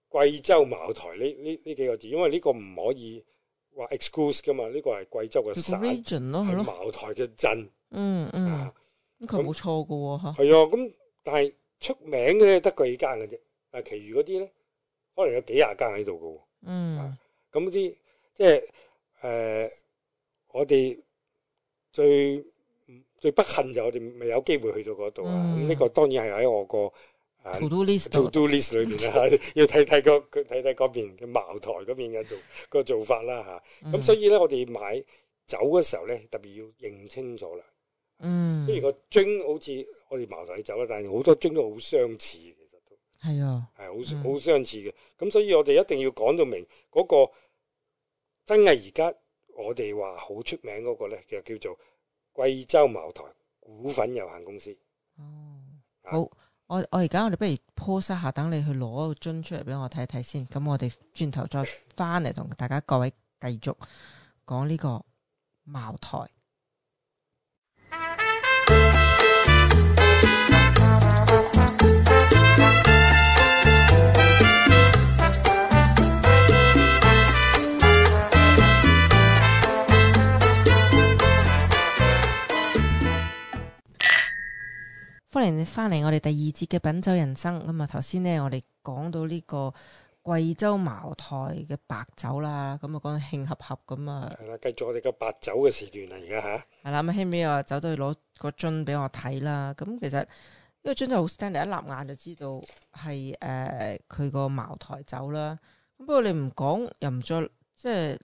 貴州茅台呢呢呢幾個字，因為呢個唔可以。話 excuse 噶嘛？呢、呢個係貴州嘅省，係茅台嘅鎮、嗯。嗯、啊哦、嗯，佢冇錯嘅喎嚇。係啊，咁但係出名嘅咧得幾間嘅啫，但係其餘嗰啲咧可能有幾廿間喺度嘅喎。嗯，咁啲、啊、即係誒、呃，我哋最最不幸就我哋未有機會去到嗰度、嗯、啊。咁、呢、呢個當然係喺我個 todo listtodo list 裏面啦，要睇睇個佢睇睇嗰邊嘅茅台，嗰邊嘅做個做法啦嚇。咁所以咧，我哋買酒嘅時候咧，特別要認清楚啦。嗯，即係個樽好似我哋茅台酒啦，但係好多樽都好相似，其實都係啊，係好好相似嘅。咁所以我哋一定要講到明嗰個真係而家我哋話好出名嗰個咧，就叫做貴州茅台股份有限公司。哦，好。我我而家我哋不如 post 下，等你去攞個樽出嚟畀我睇睇先。咁我哋轉頭再返嚟同大家各位繼續講呢個茅台。歡迎你翻嚟，我哋第二節嘅品酒人生咁啊！頭先咧，我哋講到呢個貴州茅台嘅白酒啦，咁啊講到興合合咁啊，係啦，繼續我哋個白酒嘅時段啊，而家吓係啦，咁希美啊，走到去攞個樽俾我睇啦。咁、嗯、其實呢、這個樽就好 standard，一立眼就知道係誒佢個茅台酒啦。咁不過你唔講又唔再即係，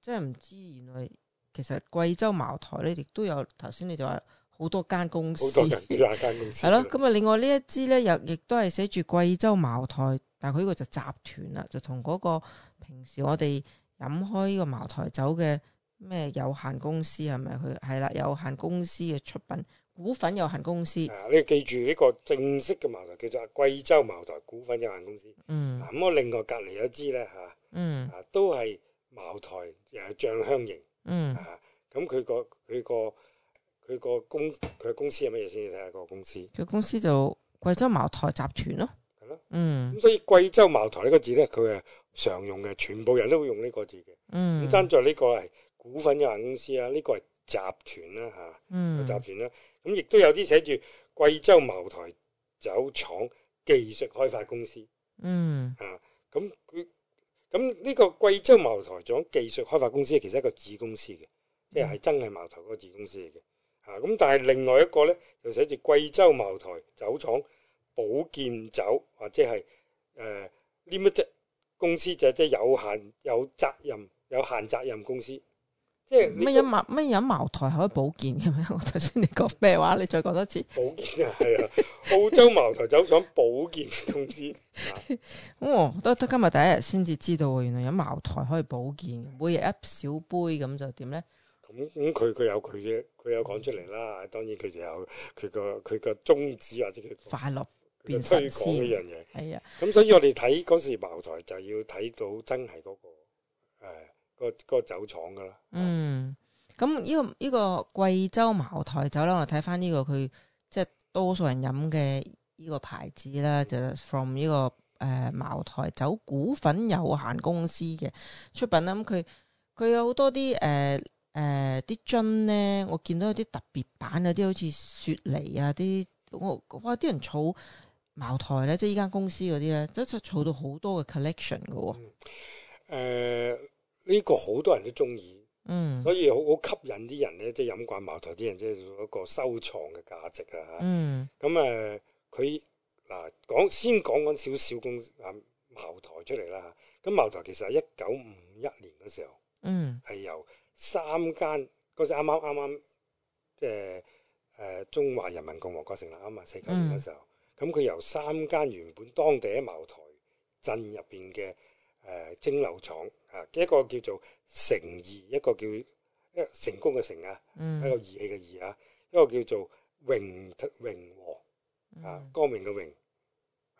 即係唔知原來其實貴州茅台咧亦都有頭先你就話。好多間公司，好多人，間公司，係咯。咁啊，另外呢一支咧，又亦都係寫住貴州茅台，但係佢呢個就集團啦，就同嗰個平時我哋飲開呢個茅台酒嘅咩有限公司係咪？佢係啦，有限公司嘅出品股份有限公司。啊、你記住呢、呢個正式嘅茅台叫做貴州茅台股份有限公司。 嗯。咁我、啊、另外隔離有一支咧嚇，嗯，都係茅台誒醬香型。嗯。啊，咁佢個佢個。佢個公佢公司係乜嘢先？你睇下個公司。佢公司就貴州茅台集團咯。哦，係咯的，嗯。咁、嗯、所以貴州茅台呢個字呢，佢係常用嘅，全部人都會用呢個字嘅，嗯。咁爭在呢個係股份有限公司啊，呢、這個係集團啦，啊、吓、嗯啊，嗯，集團啦。咁亦都有啲寫住貴州茅台酒廠技術開發公司，嗯、吓、啊。咁佢咁呢個貴州茅台酒廠技術開發公司，其實一個子公司嘅，即係、嗯、真係茅台嗰個子公司嚟嘅。嚇！咁、嗯、但係另外一個咧，就寫住貴州茅台酒廠保健酒，或者係誒呢乜隻公司就即係有限有責任有限責任公司，即係乜飲茅乜飲茅台可以保健嘅咩？我頭先你講咩話？你再講多次保健啊！係啊， 澳洲茅台酒廠保健公司。我、 哦、都得今日第一日先至知道原來飲茅台可以保健，每日一小杯咁就點咧？咁咁佢佢有佢嘅，佢有講出嚟啦。當然佢就有佢個佢個宗旨，或者佢快樂變新鮮呢樣嘢。係啊的，咁、嗯、所以我哋睇嗰時茅台就要睇到真係嗰、那個誒、哎那個那個酒廠噶啦。嗯，咁呢、這個呢、這個貴州茅台酒啦，我睇翻呢個佢即係多數人飲嘅呢個牌子啦，嗯、就 from 呢個誒茅台酒股份有限公司嘅出品啦。咁佢佢有好多啲誒。呃誒，啲樽咧，我見到有啲特別版，有啲好似雪梨啊，啲哇，啲人儲茅台咧，即係呢間公司嗰啲咧，真係儲到好多嘅 collection 嘅、嗯。誒、呃，呢、呢個好多人都中意，嗯，所以好好吸引啲人咧，即係飲慣茅台啲人，即係做一個收藏嘅價值啊。吓，嗯，咁誒，佢嗱講先講緊少少公司啊，茅台出嚟啦吓。咁、啊、茅台其實係一九五一年嘅時候，嗯，係由。三間嗰陣啱啱啱啱，即係誒中華人民共和國成立啊嘛，四九年嘅時候，咁佢、嗯、由三間原本當地喺茅台鎮入邊嘅誒蒸餾廠啊，一個叫做成義，一個叫成功嘅成啊，嗯、一個義氣嘅義啊，一個叫做榮榮,和啊,榮,榮和,和啊，光明嘅榮，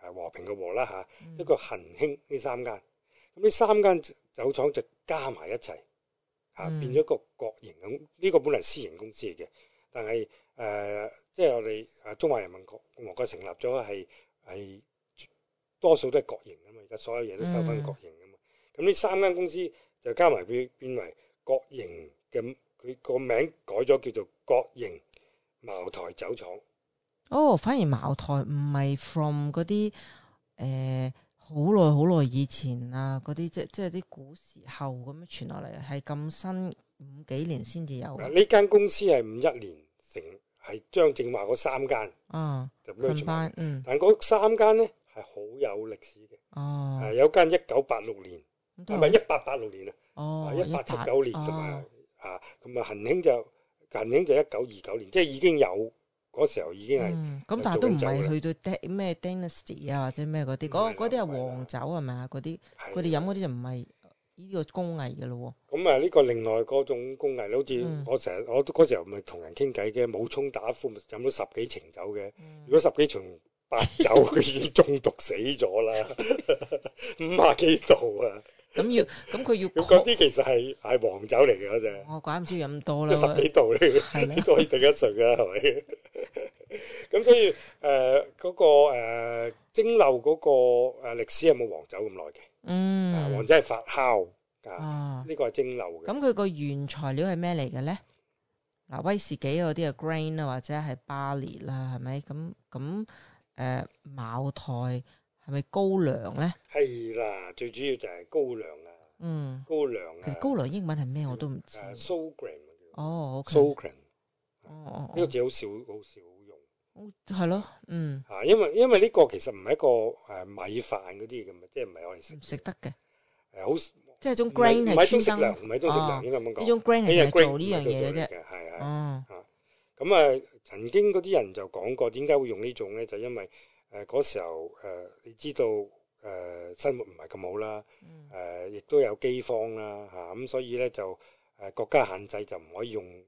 誒和平嘅和啦嚇，一個恆興呢三間，咁、嗯、呢、嗯、三,三間酒廠就加埋一齊。啊，變咗個國營咁，呢、這個本來私營公司嚟嘅，但係誒、呃，即係我哋啊，中華人民共和國國家成立咗，係係多數都係國營啊嘛，而家所有嘢都收翻國營啊嘛，咁呢、嗯嗯、三間公司就加埋佢，變為國營嘅，佢個名改咗叫做國營茅台酒廠。哦，oh, 反而茅台唔係 from 嗰啲誒。好耐好耐以前啊，嗰啲即即係啲古時候咁樣傳落嚟，係咁新五幾年先至有。呢間公司係五一年成，係張正華嗰三間。哦、man, 嗯，就咁嗯，但嗰三間咧係好有歷史嘅。哦，啊、有間一九八六年，係咪、哦？一八八六年啊，一八七九年㗎嘛。啊、哦，咁啊恒興就恒興就一九二九年，即係已經有。嗰時候已經係，咁但係都唔係去到啲咩 Dynasty 啊，或者咩嗰啲，嗰個嗰啲係黃酒係咪啊？嗰啲佢哋飲嗰啲就唔係呢個工藝嘅咯。咁啊，呢個另外嗰種工藝，好似我成日我都嗰時候咪同人傾偈嘅，冇沖打款飲咗十幾程酒嘅。如果十幾程白酒，佢已經中毒死咗啦，五啊幾度啊！咁要咁佢要，嗰啲其實係係黃酒嚟嘅嗰隻。我鬼唔知飲咁多啦，即係十幾度嚟嘅，呢都可以頂一順嘅係咪？咁所以誒嗰個誒蒸餾嗰個誒歷史有冇黃酒咁耐嘅？嗯，黃酒係發酵啊，呢個係蒸餾嘅。咁佢個原材料係咩嚟嘅咧？嗱威士忌嗰啲啊，grain 啊，或者係 barley 啦，係咪？咁咁誒，茅台係咪高粱咧？係啦，最主要就係高粱啊，嗯，高粱啊，其實高粱英文係咩？我都唔知。so grain 哦，so grain 哦哦，呢個字好少好少。係咯，嗯，啊，因為因為呢個其實唔係一個誒米飯嗰啲咁啊，即係唔係我哋食唔食得嘅，誒好即係種 grain 係粗糧，唔係中食糧，應該咁講呢種 grain 係做呢樣嘢嘅啫，係係，啊，咁啊，曾經嗰啲人就講過點解會用種呢種咧，就因為誒嗰、呃、時候誒、呃、你知道誒、呃、生活唔係咁好啦，誒、呃、亦都有飢荒啦吓，咁、啊嗯、所以咧就誒、呃、國家限制就唔可以用。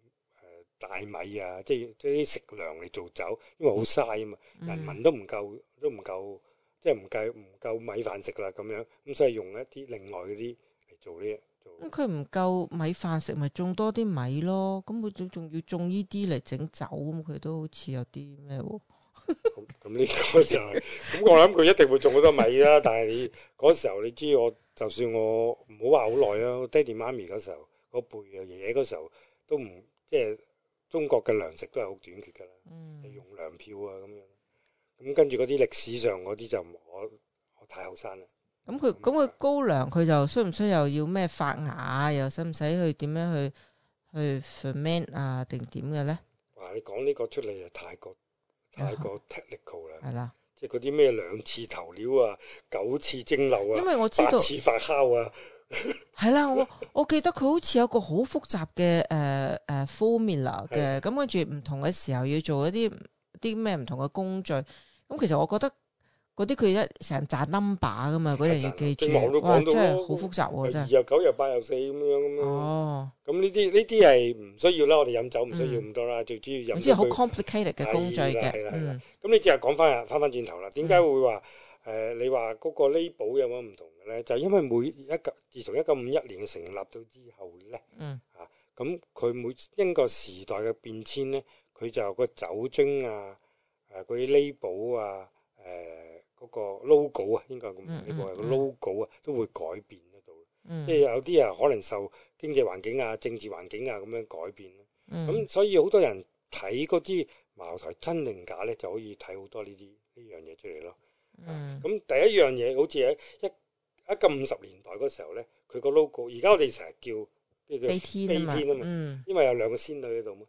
大米啊，即係即啲食糧嚟做酒，因為好嘥啊嘛，嗯、人民都唔夠，都唔夠，即係唔計唔夠米飯食啦咁樣，咁所以用一啲另外嗰啲嚟做呢、呢個？咁佢唔夠米飯食，咪、就係、種多啲米咯。咁佢仲仲要種呢啲嚟整酒，咁佢都好似有啲咩喎？咁 呢個就係、係，咁 我諗佢一定會種好多米啦。 但係你嗰時候你知我，就算我唔好話好耐啊，爹地媽咪嗰時候，嗰輩啊爺爺嗰時候都唔即係。中國嘅糧食都係好短缺㗎啦，用糧票啊咁樣，咁跟住嗰啲歷史上嗰啲就我我太後生啦。咁佢咁佢高粱佢就需唔需要又要咩發芽，又使唔使去點樣去去 ferment 啊定點嘅咧？哇！你講呢個出嚟就太過太過 technical 啦，係啦，即係嗰啲咩兩次投料啊、九次蒸餾啊、因為我知道，八次發酵啊。係啦，我我記得佢好似有個好複雜嘅誒誒 formula 嘅，咁跟住唔同嘅時候要做一啲啲咩唔同嘅工序。咁其實我覺得嗰啲佢一成扎 number 噶嘛，嗰樣要記住，哇真係好複雜真係，又九又八又四咁樣咁樣，哦，咁呢啲呢啲係唔需要啦，我哋飲酒唔需要咁多啦，最主要飲，總之好 complicated 嘅工序嘅，咁你只係講翻翻翻轉頭啦，點解會話？誒、呃，你話嗰個 label 有乜唔同嘅咧？就因為每一個自從一九五一年成立咗之後咧，嗯、啊，嚇，咁佢每經過個時代嘅變遷咧，佢就個酒精啊、誒啲 label 啊、誒嗰、啊呃那個 logo 啊，應該係咁講，嗯嗯嗯個 logo 啊都會改變得到，嗯嗯即係有啲啊可能受經濟環境啊、政治環境啊咁樣改變咯。咁、嗯嗯啊、所以好多人睇嗰支茅台真定假咧，就可以睇好多呢啲呢樣嘢出嚟咯。嗯，咁、嗯、第一樣嘢好似喺一一九五十年代嗰時候咧，佢個 logo，而家我哋成日叫叫飛天啊嘛，嘛嗯、因為有兩個仙女喺度嘛，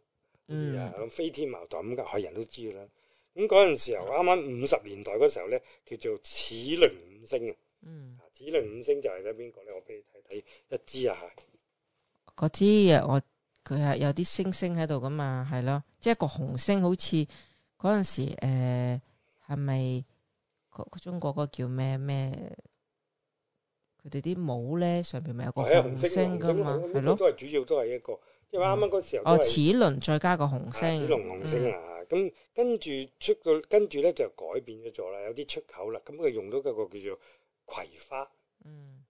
嗯，咁飛天茅台，咁，係人都知啦。咁嗰陣時候啱啱五十年代嗰時候咧，叫做齒輪五星啊，嗯，齒輪五星就係咧邊個咧？我俾你睇睇一支啊吓，嗰支啊，我佢係有啲星星喺度噶嘛，係咯，即係個紅星好似嗰陣時誒係咪？呃是中國個叫咩咩？佢哋啲帽咧上邊咪有個紅星噶嘛，係咯。都係主要都係一個，因為啱啱嗰時候、嗯、哦齒輪再加個紅星，齒、啊、輪紅星、嗯、啊，咁跟住出個跟住咧就改變咗咗啦，有啲出口啦，咁佢用到個個叫做葵花，嗯，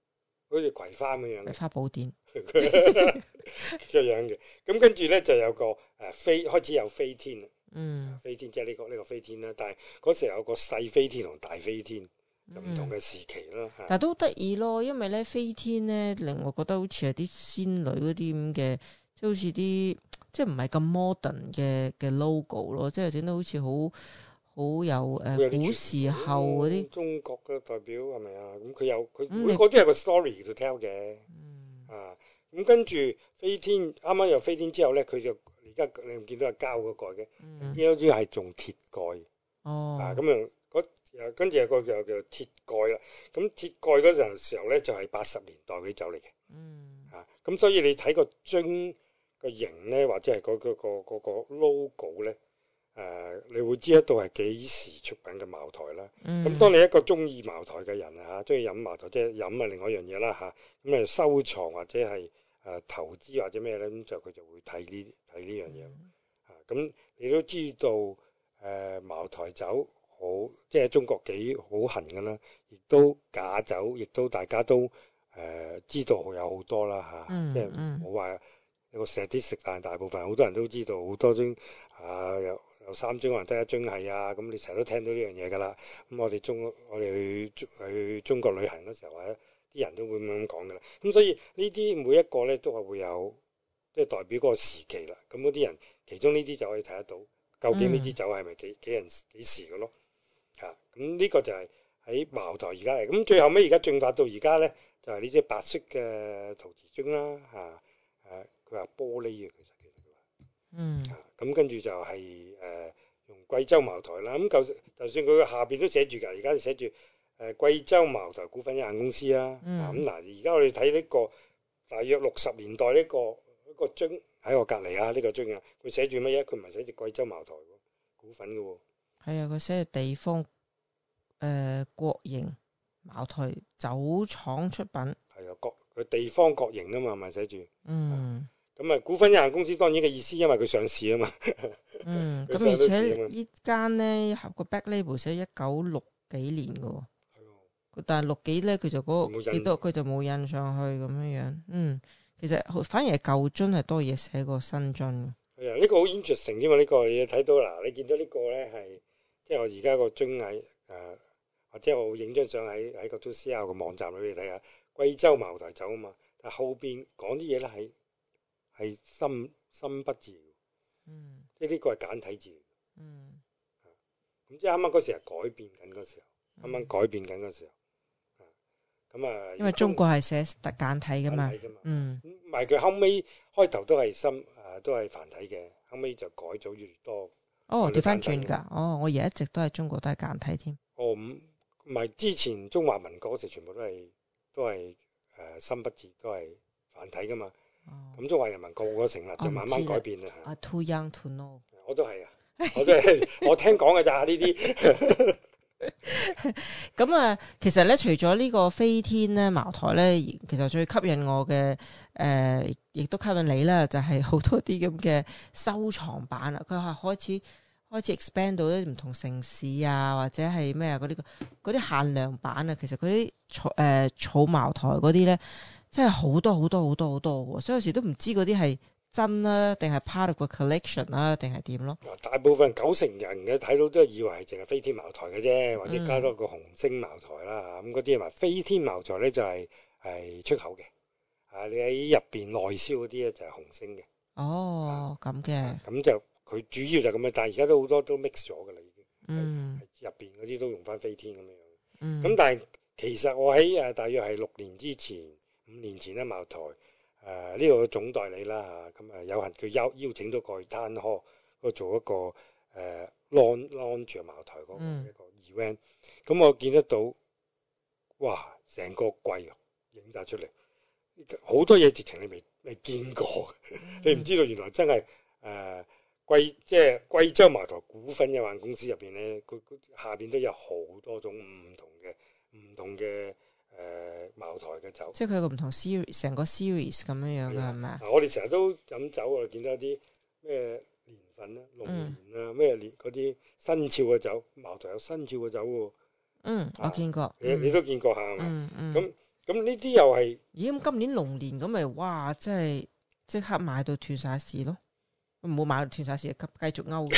好似葵花咁樣，葵花寶典嘅 樣嘅。咁跟住咧就有個誒、啊、飛，開始有飛天啦。嗯，飛天即係呢、呢個呢、呢個飛天啦，但係嗰時候有個細飛天同大飛天，嗯、就唔同嘅時期啦。但係都得意咯，因為咧飛天咧令我覺得好似係啲仙女嗰啲咁嘅，即係好似啲即係唔係咁 modern 嘅嘅 logo 咯，即係整到好似好好有誒、呃、古時候嗰啲。中國嘅代表係咪啊？咁、嗯、佢有佢嗰啲有個 story to tell 嘅，嗯、啊，咁、嗯、跟住飛天啱啱有飛天之後咧，佢就。你唔見到係膠嗰個蓋嘅，B.O.G 係仲鐵蓋。哦，咁啊，跟住有個叫鐵蓋啦。咁鐵蓋嗰陣時候咧，就係八十年代嗰啲酒嚟嘅。嗯，啊、嗯、咁，所以你睇個樽個型咧，或者係嗰嗰個 logo 咧，誒、嗯，你會知得到係幾時出品嘅茅台啦。咁、嗯嗯、當你一個中意茅台嘅人啊，中意飲茅台，即係飲啊，另外一樣嘢啦嚇，咁啊，收藏或者係誒、啊、投資或者咩咧，咁就佢就會睇呢啲。係呢樣嘢，咁、嗯啊、你都知道，誒、呃、茅台酒好，即係中國幾好行㗎啦，亦都假酒，亦都大家都誒、呃、知道有好多啦，嚇、啊，即係冇話個食啲食，但、嗯、大部分好多人都知道好多樽啊，有有三樽或者一樽係啊，咁你成日都聽到呢樣嘢㗎啦。咁、嗯、我哋中我哋去去中國旅行嘅時候咧，啲、啊、人都會咁樣講㗎啦。咁、啊、所以呢啲每一個咧都係會有。即係代表嗰個時期啦，咁嗰啲人，其中呢啲就可以睇得到，究竟呢支酒係咪幾幾人、嗯、幾時嘅咯？嚇、啊，咁、嗯、呢、這個就係喺茅台而家嚟，咁、嗯、最後尾而家進化到而家呢，就係呢隻白色嘅陶瓷樽啦，嚇、啊，佢、啊、話、啊、玻璃嘅，其實其實，嗯，咁、啊、跟住就係、是、誒、啊、用貴州茅台啦，咁、啊、就、嗯、就算佢下邊都寫住㗎，而家就寫住誒、呃、貴州茅台股份有限公司啦、啊，咁、啊、嗱，而、啊、家、啊、我哋睇呢個大約六十年代呢、這個。個樽喺我隔籬啊！呢、這個樽啊，佢寫住乜嘢？佢唔係寫住貴州茅台股份嘅喎、哦。係啊，佢寫住地方誒、呃、國營茅台酒廠出品。係啊,國佢地方國營啊嘛，係咪寫住。嗯。咁啊，股份有限公司當然嘅意思，因為佢上市啊嘛。 嗯，咁、嗯、而且呢間呢，個 back label 寫一九六幾年嘅。係、那個，但係六幾咧，佢就嗰幾多，佢就冇印上去咁樣樣。嗯。嗯其實反而係舊樽係多嘢寫過新樽係啊，呢個好 interesting 嘅嘛呢個，你睇到嗱，你見到呢個咧係即係我而家個樽係誒，或者我影張相喺喺個 To C L 嘅網站裏邊睇下貴州茅台酒啊嘛，但後邊講啲嘢咧係係心心不字，即係呢個係簡體字，嗯，咁即係啱啱嗰時係改變緊嗰時候，啱啱改變緊嗰時候。咁啊，因為中國係寫特簡體噶嘛，嗯，唔係佢後尾開頭都係新，誒都係繁體嘅，後尾就改咗越嚟越多。哦，調翻轉噶，哦，我而家一直都係中國都係簡體添。哦，唔，唔係之前中華民國嗰時全部都係都係誒深筆字都係繁體噶嘛。哦，咁中華人民個個成立就慢慢改變啦。啊，too young to know。我都係啊，我都係我聽講噶咋呢啲。咁啊， 其實咧，除咗呢個飛天咧，茅台咧，其實最吸引我嘅，誒、呃，亦都吸引你啦，就係、是、好多啲咁嘅收藏版啦。佢係開始開始 expand 到啲唔同城市啊，或者係咩啊嗰啲啲限量版啊。其實佢啲、呃、草，誒草茅台嗰啲咧，真係好多好多好多好多，多，所以有時都唔知嗰啲係。真啦，定係 part of 個 collection 啦，定係點咯？大部分九成人嘅睇到都以為係淨係飛天茅台嘅啫，或者加多個紅星茅台啦，咁嗰啲啊嘛。飛天茅台咧就係、是、係出口嘅，啊你喺入邊內銷嗰啲咧就係紅星嘅。哦，咁嘅。咁、啊、就佢主要就咁樣，但係而家都好多都 mix 咗噶啦，已經。嗯。入邊嗰啲都用翻飛天咁樣樣。咁、嗯、但係其實我喺誒大約係六年之前，五年前咧茅台。誒呢個總代理啦嚇，咁啊、嗯、有份佢邀邀請到咗去攤開去做一個誒 long long 住茅台嗰個一個 event，咁、嗯嗯、我見得到，哇！成個櫃影晒出嚟，好多嘢直情你未未見過，嗯、 你唔知道原來真係誒、呃、貴即係貴州茅台股份有限公司入邊咧，佢佢下邊都有好多種唔同嘅唔同嘅。誒，茅台嘅酒，即係佢個唔同 series，成個 series 咁樣樣噶係嘛？嗱，我哋成日都飲酒啊，見到啲咩年份啦、龍年啦、咩年嗰啲新潮嘅酒，茅台有新潮嘅酒噶。嗯，我見過，你你都見過下嘛？咁咁呢啲又係，咦？咁今年龍年咁咪哇，即係即刻買到斷晒市咯，唔好買斷晒市，繼續勾。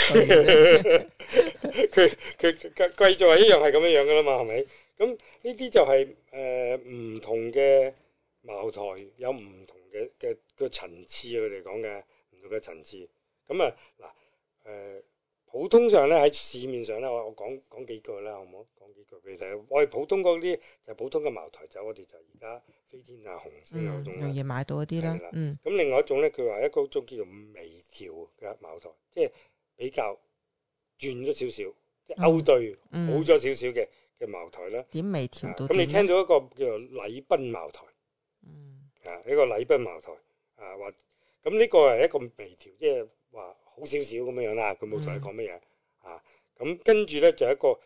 佢佢佢貴就係一樣係咁樣樣噶啦嘛，係咪？咁呢啲就係誒唔同嘅茅台，有唔同嘅嘅個層次，佢哋講嘅唔同嘅層次。咁啊嗱誒，普通上咧，喺市面上咧，我我講講幾句啦，好唔好？講幾句，畀你睇下，我哋普通嗰啲就係、普通嘅茅台酒，我哋就而家飛天啊、紅色嗰種容易買到嗰啲啦。嗯。咁了、嗯、另外一種咧，佢話一個種叫做微調嘅茅台，即係比較轉咗少少，即係勾兌好咗少少嘅。嗯嗯嘅茅台咧，點微調，都咁你聽到一個叫做禮賓茅台，嗯，啊一個禮賓茅台啊，話咁呢個係一個微調，即係話好少少咁樣啦。佢冇同你講乜嘢啊。咁跟住咧就一個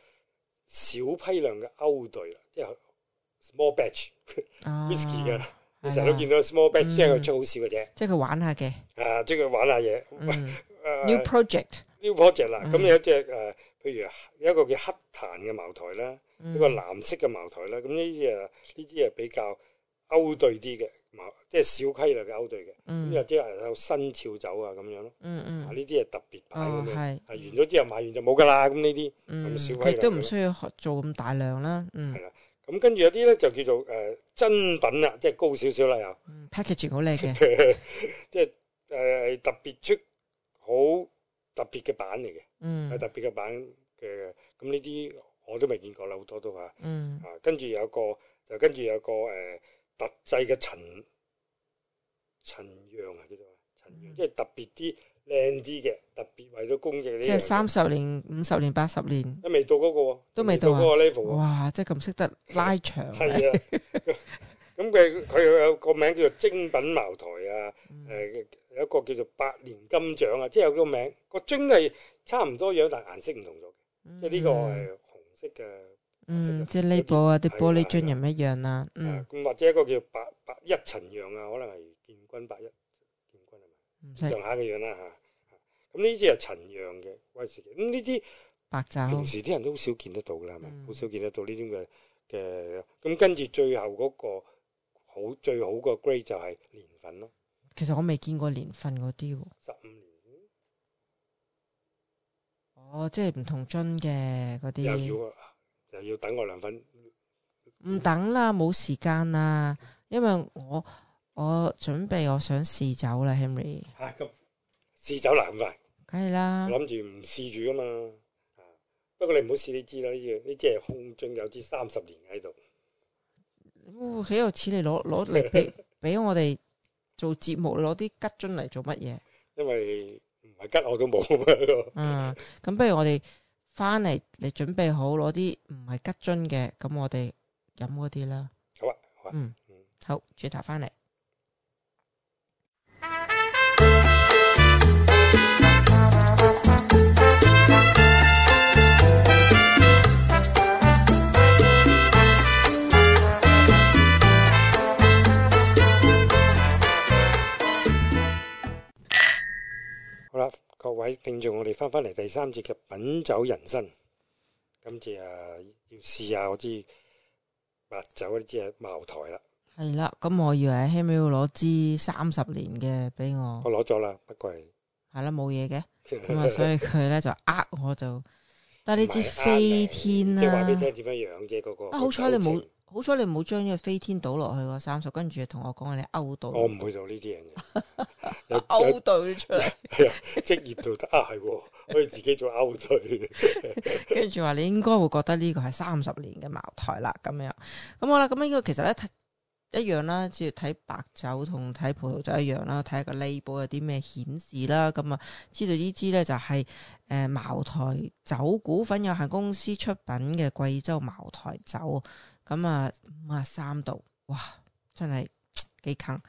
小批量嘅勾兌啦，即係 small batch whisky 嘅，你成日都見到 small batch，即係佢出好少嘅啫，即係佢玩下嘅，啊，即係佢玩下嘢，new project，new project 啦，咁有隻誒。譬如一個叫黑檀嘅茅台啦，嗯、一個藍色嘅茅台啦，咁呢啲啊，呢啲啊比較勾兌啲嘅，茅即係小規例嘅勾兌嘅，咁啊即係有新潮酒啊咁樣咯，啊呢啲啊特別版咁樣，哦、啊完咗之後賣完就冇㗎啦，咁呢啲咁小規例都唔需要做咁大量啦，係、嗯、啦，咁跟住有啲咧就叫做誒、呃、真品啦，即係高少少啦又，package 好靚嘅，即係誒特別出好特別嘅版嚟嘅。嗯，有特別嘅版嘅，咁呢啲我都未見過啦，好多都啊，嗯啊，跟住有個，就跟住有個誒特製嘅陳陳釀啊，叫做，即係特別啲靚啲嘅，特別為咗供應呢，即係三十年、五十年、八十年都未到嗰個，都未到嗰個 level，哇！即係咁識得拉長，係啊，咁佢佢有個名叫做精品茅台啊，誒。有一個叫做百年金獎啊，即係有個名個樽係差唔多樣，但係顏色唔同咗嘅。即係呢個係紅色嘅。嗯，即係呢個啊啲玻璃樽又唔一樣啊。嗯，咁或者一個叫八八一陳釀啊，可能係建軍八一，建軍係咪？上下嘅樣啦嚇。咁呢啲係陳釀嘅威士忌。咁呢啲白酒，平時啲人都好少見得到㗎啦，係咪？好少見得到呢啲嘅嘅。咁跟住最後嗰個好最好個 grade 就係年份咯。其實我未見過年份嗰啲，十五年，哦，即係唔同樽嘅嗰啲，又要又要等我兩分，唔等啦，冇時間啦，因為我我準備我想試酒啦，Henry，吓，咁試酒難唔難？梗係啦，諗住唔試住噶嘛，吓，不過你唔好試你知啦，呢隻呢隻係空樽，有支三十年喺度，嗚，豈有此理！攞攞嚟，俾俾我哋。做節目攞啲吉樽嚟做乜嘢？因為唔係吉我都冇 嗯，咁不如我哋翻嚟，你準備好攞啲唔係吉樽嘅，咁我哋飲嗰啲啦。好啊，好啊。嗯，好，轉頭翻嚟。好啦，各位，定住我哋翻返嚟第三節嘅品酒人生，今次啊，要試下我支白酒嗰支茅台啦。係啦，咁我以為起碼要攞支三十年嘅俾我。我攞咗啦，不過係係啦，冇嘢嘅，咁啊，所以佢咧就呃我就，但係呢支飛天啦，即係話俾你聽點樣樣啫，嗰個啊，好彩你冇。好彩你唔好將呢個飛天倒落去三十，跟住同我講話你勾兌，我唔會做呢啲嘢。勾兌出嚟，係啊，職業度得係，可以自己做勾兌。跟住話你應該會覺得呢個係三十年嘅茅台啦，咁樣咁、嗯、好啦。咁、這、呢個其實咧一樣啦，即係睇白酒同睇葡萄酒一樣啦，睇下個 label 有啲咩顯示啦，咁啊知道呢支咧就係、是、誒、呃、茅台酒股份有限公司出品嘅貴州茅台酒。咁啊五啊三度，哇！真係幾坑。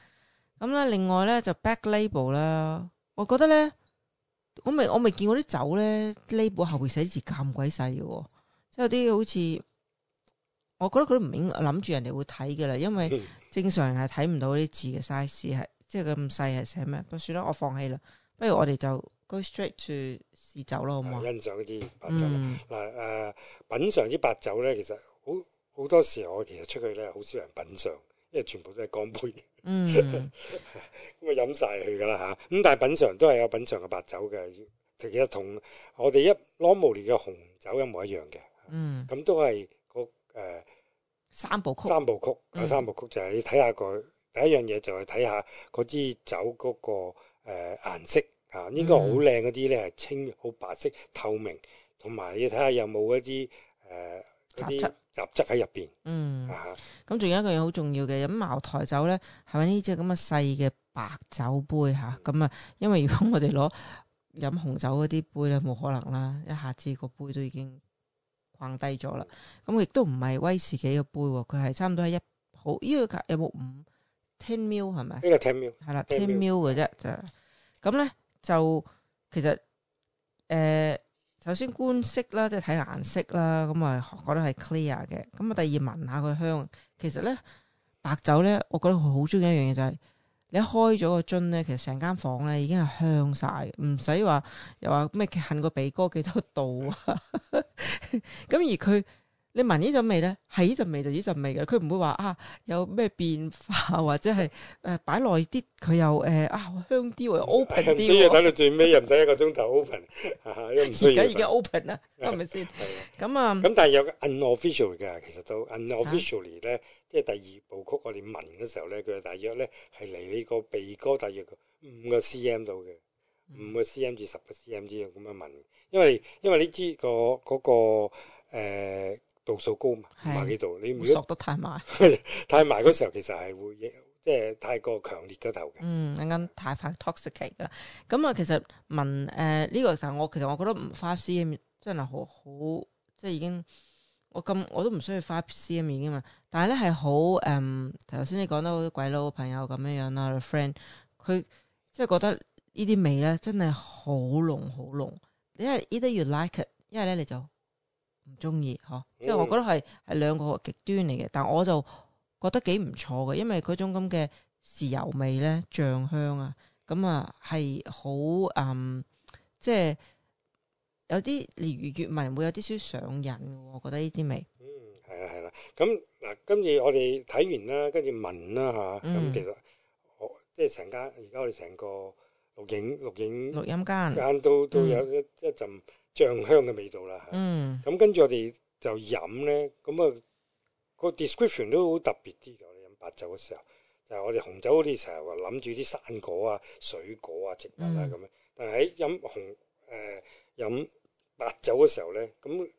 咁咧，另外咧就 back label 啦。我覺得咧，我未我未見過啲酒咧 label 後邊寫字咁鬼細嘅，即係有啲好似，我覺得佢都唔應諗住人哋會睇嘅啦，因為正常係睇唔到啲字嘅 size 係即係佢咁細係寫咩？不，算啦，我放棄啦。不如我哋就 go straight to 試酒咯，好嘛，啊？欣賞啲白酒，嗱誒、嗯、啊、呃，品嘗啲白酒咧，其實好。好多時我其實出去咧，好少人品嘗，因為全部都係乾杯，咁、嗯、啊飲晒佢㗎喇嚇。咁但係品嘗都係有品嘗嘅白酒嘅，其實同我哋一攞無年嘅紅酒一模一樣嘅。嗯，咁、啊、都係嗰、那個呃、三部曲，三部曲有、嗯、三部曲，就係、是、你睇下佢第一樣嘢就係睇下嗰支酒嗰、那個誒、呃、顏色嚇、啊，應該好靚嗰啲咧係清好白色透明，同埋你睇下有冇一啲誒。呃呃雜質雜質喺入邊，嗯，啊，咁仲有一樣嘢好重要嘅，飲茅台酒咧，係咪呢隻咁嘅細嘅白酒杯吓？咁啊，因為如果我哋攞飲紅酒嗰啲杯咧，冇可能啦，一下子個杯都已經放低咗啦。咁亦都唔係威士忌嘅杯，佢係差唔多係一好呢個有冇五 ten mil 係咪？呢個 ten mil 係啦，ten mil 嘅啫就，咁咧就其實誒。首先觀色啦，即係睇顏色啦，咁啊，我覺得係 clear 嘅。咁啊，第二聞下佢香。其實咧，白酒咧，我覺得佢好中意一樣嘢就係、是，你一開咗個樽咧，其實成間房咧已經係香晒。唔使話又話咩，噴個鼻哥幾多度啊。咁 而佢。你聞呢種味咧，係呢陣味就呢陣味嘅，佢唔會話啊有咩變化或者係誒擺耐啲佢又誒、呃、啊香啲或者 open 啲。唔、哎、需要等到最尾 又唔使一個鐘頭 open，唔、啊、需要而家已經 open 啦，係咪先？咁啊 的。咁、嗯、但係有 unofficial 嘅，其實都 unofficially 咧，un 啊、即係第二部曲我哋聞嘅時候咧，佢係大約咧係嚟你個鼻哥大約五個 cm 度嘅，五個 cm 至十個 cm 咁樣聞。因為因為呢啲、嗰個嗰、嗰個、呃呃呃度數高嘛，五十幾度，你唔會索得太埋， 太埋嗰時候，其實係會，即係太過強烈個頭嘅。嗯，啱啱太快 toxic 嘅。咁啊，其實問誒呢個時候我其實我覺得唔花 c m 真係好好，即係已經我咁我都唔需要花 c m 已經嘛。但係咧係好誒，頭先、嗯、你講到鬼佬朋友咁樣友樣啦，friend，佢即係覺得呢啲味咧真係好濃好濃。一係 either you like it，一係咧你就。唔中意嗬，嗯、即係我覺得係係兩個極端嚟嘅，但我就覺得幾唔錯嘅，因為嗰種咁嘅豉油味咧，醬香啊，咁啊係好嗯，即係有啲例如越聞會有啲少上癮，我覺得呢啲味。嗯，係啦係啦，咁嗱，跟住我哋睇完啦，跟住聞啦吓，咁、嗯、其實我即係成間而家我哋成個錄影錄影錄音間間都都，都有一、嗯、一陣。醬香嘅味道啦，嚇咁、嗯、跟住我哋就飲咧，咁、那、啊個 description 都好特別啲嘅。你哋飲白酒嘅時候，就係、我哋紅酒嗰啲成日話諗住啲山果啊、水果啊、植物啊咁樣，但係喺飲紅誒飲、呃、白酒嘅時候咧，咁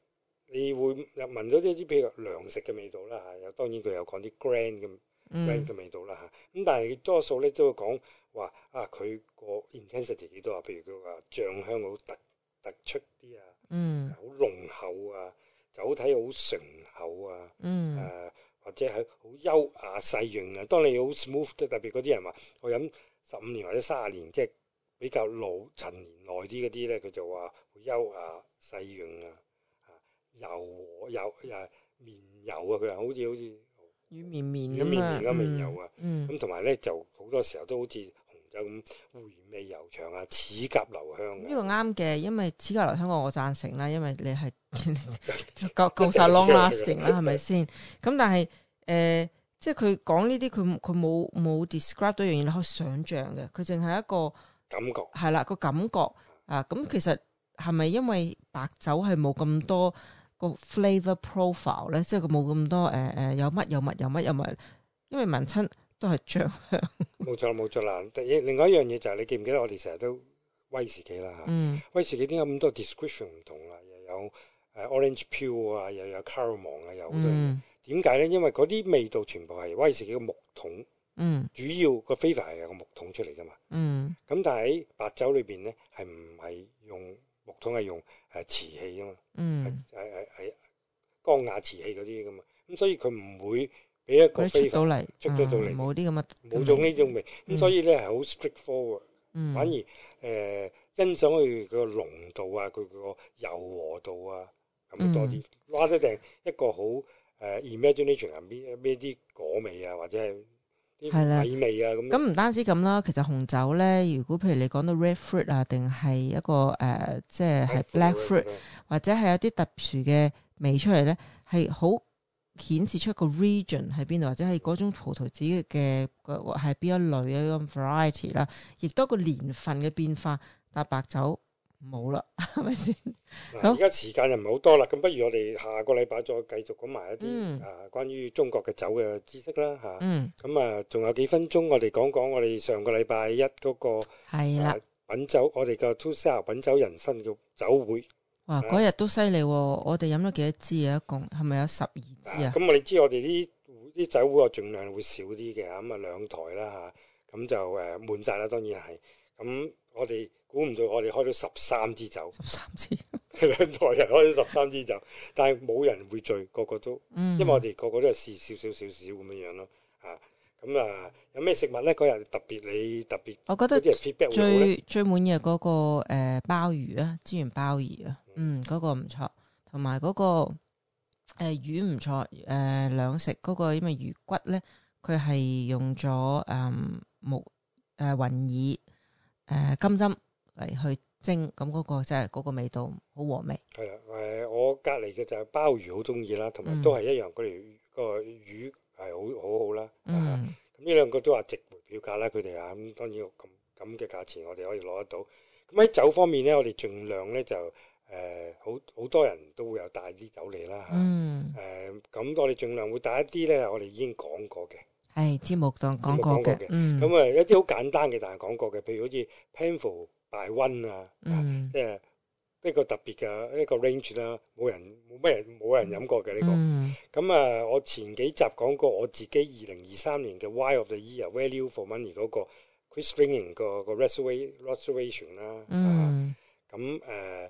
你會聞到啲譬如糧食嘅味道啦，嚇。當然佢有講啲 grain 咁 grain 嘅味道啦，嚇、嗯。咁但係多數咧都會講話啊，佢個 intensity 幾多啊？譬如佢話醬香好突出。突出啲啊，嗯厚厚，好濃厚啊，酒體好醇厚啊，嗯，誒或者係好優雅細潤啊。當你好 smooth，特別嗰啲人話我飲十五年或者三十年，即係比較老陳年耐啲嗰啲咧，佢就話好優啊細潤啊，啊柔和柔誒綿柔啊，佢好似好似軟綿綿咁啊，嗯，咁同埋咧就好多時候都好似。有咁回味悠長啊，齒頰留香呢個啱嘅，因為齒頰留香我我贊成啦，因為你係夠夠晒 long lasting 啦，係咪先？咁 但係誒、呃，即係佢講呢啲，佢佢冇冇 describe 到一樣嘢你可以想象嘅，佢淨係一個感覺係啦個感覺啊！咁其實係咪因為白酒係冇咁多個 flavor profile 咧？即係佢冇咁多誒誒、呃，有乜有乜有乜有乜，因為文親。都係醬香，冇 錯冇錯啦。另外一樣嘢就係是，你記唔記得我哋成日都威士忌啦嚇，嗯、威士忌點解咁多 description 唔同啊？有、呃、啊？又有誒 orange peel 啊，又有 caramel 啊，有好多嘢、啊。點解咧？因為嗰啲味道全部係威士忌嘅木桶，嗯，主要個 flavour 係個木桶出嚟㗎嘛，嗯嗯。嗯，咁但係白酒裏邊咧，係唔係用木桶，係用誒瓷器㗎嘛？嗯，係係係江亞瓷器嗰啲㗎嘛。咁、嗯嗯、所以佢唔會。俾一個，佢出到嚟，嗯、出咗到嚟，冇啲咁啊，冇種呢種味，咁、嗯、所以咧係好 straightforward 反而誒、呃、欣賞佢個濃度啊，佢個柔和度啊，咁多啲。或者定一個好誒 emergent 嘅邊咩啲果味啊，或者係啲啦，味啊咁。咁唔的、嗯、單止咁啦，其實紅酒咧，如果譬如你講到 red fruit 啊，定係一個誒、呃，即係係 black fruit，或者係有啲特殊嘅味出嚟咧，係好，顯示出個 region 喺邊度，或者係嗰種葡萄籽嘅個係邊一類嘅咁 variety 啦，亦都個年份嘅變化，搭白酒冇啦，係咪先？好，而家時間又唔係好多啦，咁不如我哋下個禮拜再繼續講埋一啲啊關於中國嘅酒嘅知識啦嚇。嗯，咁啊仲有幾分鐘，我哋講講我哋上個禮拜一嗰個、係啦、啊、品酒，我哋嘅 to sell 品酒人生嘅酒會。哇！嗰日都犀利，我哋飲咗幾多支啊？一共係咪有十二支啊？咁你知我哋啲啲酒會我盡量會少啲嘅，咁啊兩台啦吓，咁就誒滿晒啦，當然係。咁我哋估唔到我哋開咗十三支酒，十三支兩台人開咗十三支酒，但係冇人會醉，個個都，因為我哋個個都係試少少少少咁樣樣咯吓。咁啊有咩食物咧？嗰日特別你特別，我覺得最最滿意嗰個誒鮑魚啊，資源鮑魚啊。嗯，嗰、那個唔錯，同埋嗰個誒、呃、魚唔錯誒兩食嗰、那個因為魚骨咧，佢係用咗誒、嗯、木誒雲、呃、耳誒、呃、金針嚟去蒸，咁、嗯、嗰、那個即係嗰個味道好和味係啊，誒、呃，我隔籬嘅就係鮑魚好中意啦，同埋都係一樣嗰條、那個魚係、那個、好好好啦。咁呢兩個都話值回票價啦。佢哋啊，咁當然咁咁嘅價錢我哋可以攞得到。咁喺酒方面咧，我哋盡量咧就。誒、呃，好好多人都會有帶啲酒嚟啦。嗯、mm. 呃，誒，咁我哋盡量會帶一啲咧。我哋已經講過嘅係節目當中講過嘅、 嗯。嗯，咁啊，一啲好簡單嘅，但係講過嘅，譬如好似 Painful by One 啊，mm. 啊即係一個特別嘅一個 range 啦，冇人冇咩人冇人飲過嘅呢、這個。嗯，咁啊，我前幾集講過我自己二零二三年嘅 Why of the Year Value for Money 嗰、那個 Chris Ringing、那個、那個 Reserve Restoration 啦。嗯、咁、啊、誒。啊啊啊啊啊啊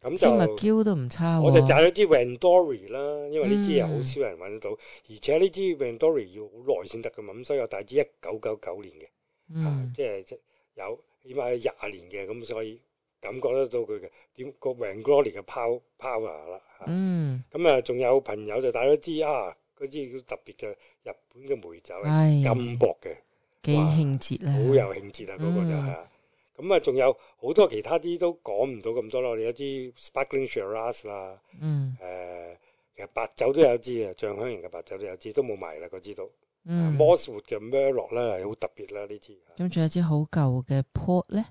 咁就，都唔差啊，我就摘咗支 Rendori 啦，因為呢支又好少人揾得到，嗯，而且呢支 Rendori 要好耐先得噶嘛，咁所以我帶支一九九九年嘅，嗯、啊，即係即有起碼廿年嘅，咁所以感覺得到佢嘅點個 Rendori 嘅 power 啦，啊。嗯，咁啊，仲有朋友就帶咗支啊，嗰支特別嘅日本嘅梅酒，金箔嘅，幾興致啦，好有興致啊，嗰、嗰個就係。嗯。咁啊，仲有好多其他啲都講唔到咁多咯。我哋有啲 sparkling shiraz 啦，嗯，誒，其實白酒都有支嘅，醬香型嘅白酒都有支，都冇埋啦，嗰支都。嗯，moser 嘅 merlot 咧，好特別啦呢支。咁仲有支好舊嘅 port 咧？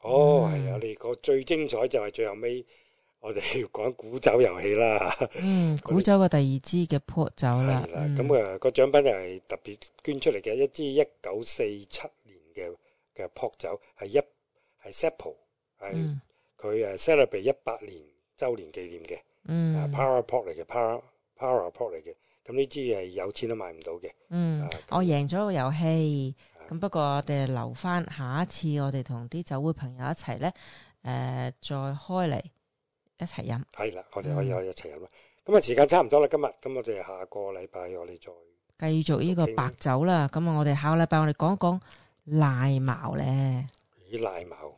哦，係啊！我哋個最精彩就係最後尾，我哋要講古酒遊戲啦。嗯，古酒嘅第二支嘅 port 酒啦。咁啊，個獎品就係特別捐出嚟嘅，一支一九四七年嘅嘅 port 酒係一。Apple 係佢誒，Celebrate 一百年周年紀念嘅，Powerpok 嚟嘅，Power Powerpok 嚟嘅，咁呢支係有錢都買唔到嘅。嗯，我贏咗個遊戲，咁不過我哋留翻下一次，我哋同啲酒會朋友一齊咧，誒，再開嚟一齊飲。係啦，我哋可以可以一齊飲啦。咁啊，時間差唔多啦，今日咁我哋下個禮拜我哋再繼續呢個白酒啦。咁啊，我哋下個禮拜我哋講講賴茅咧，咦，賴茅。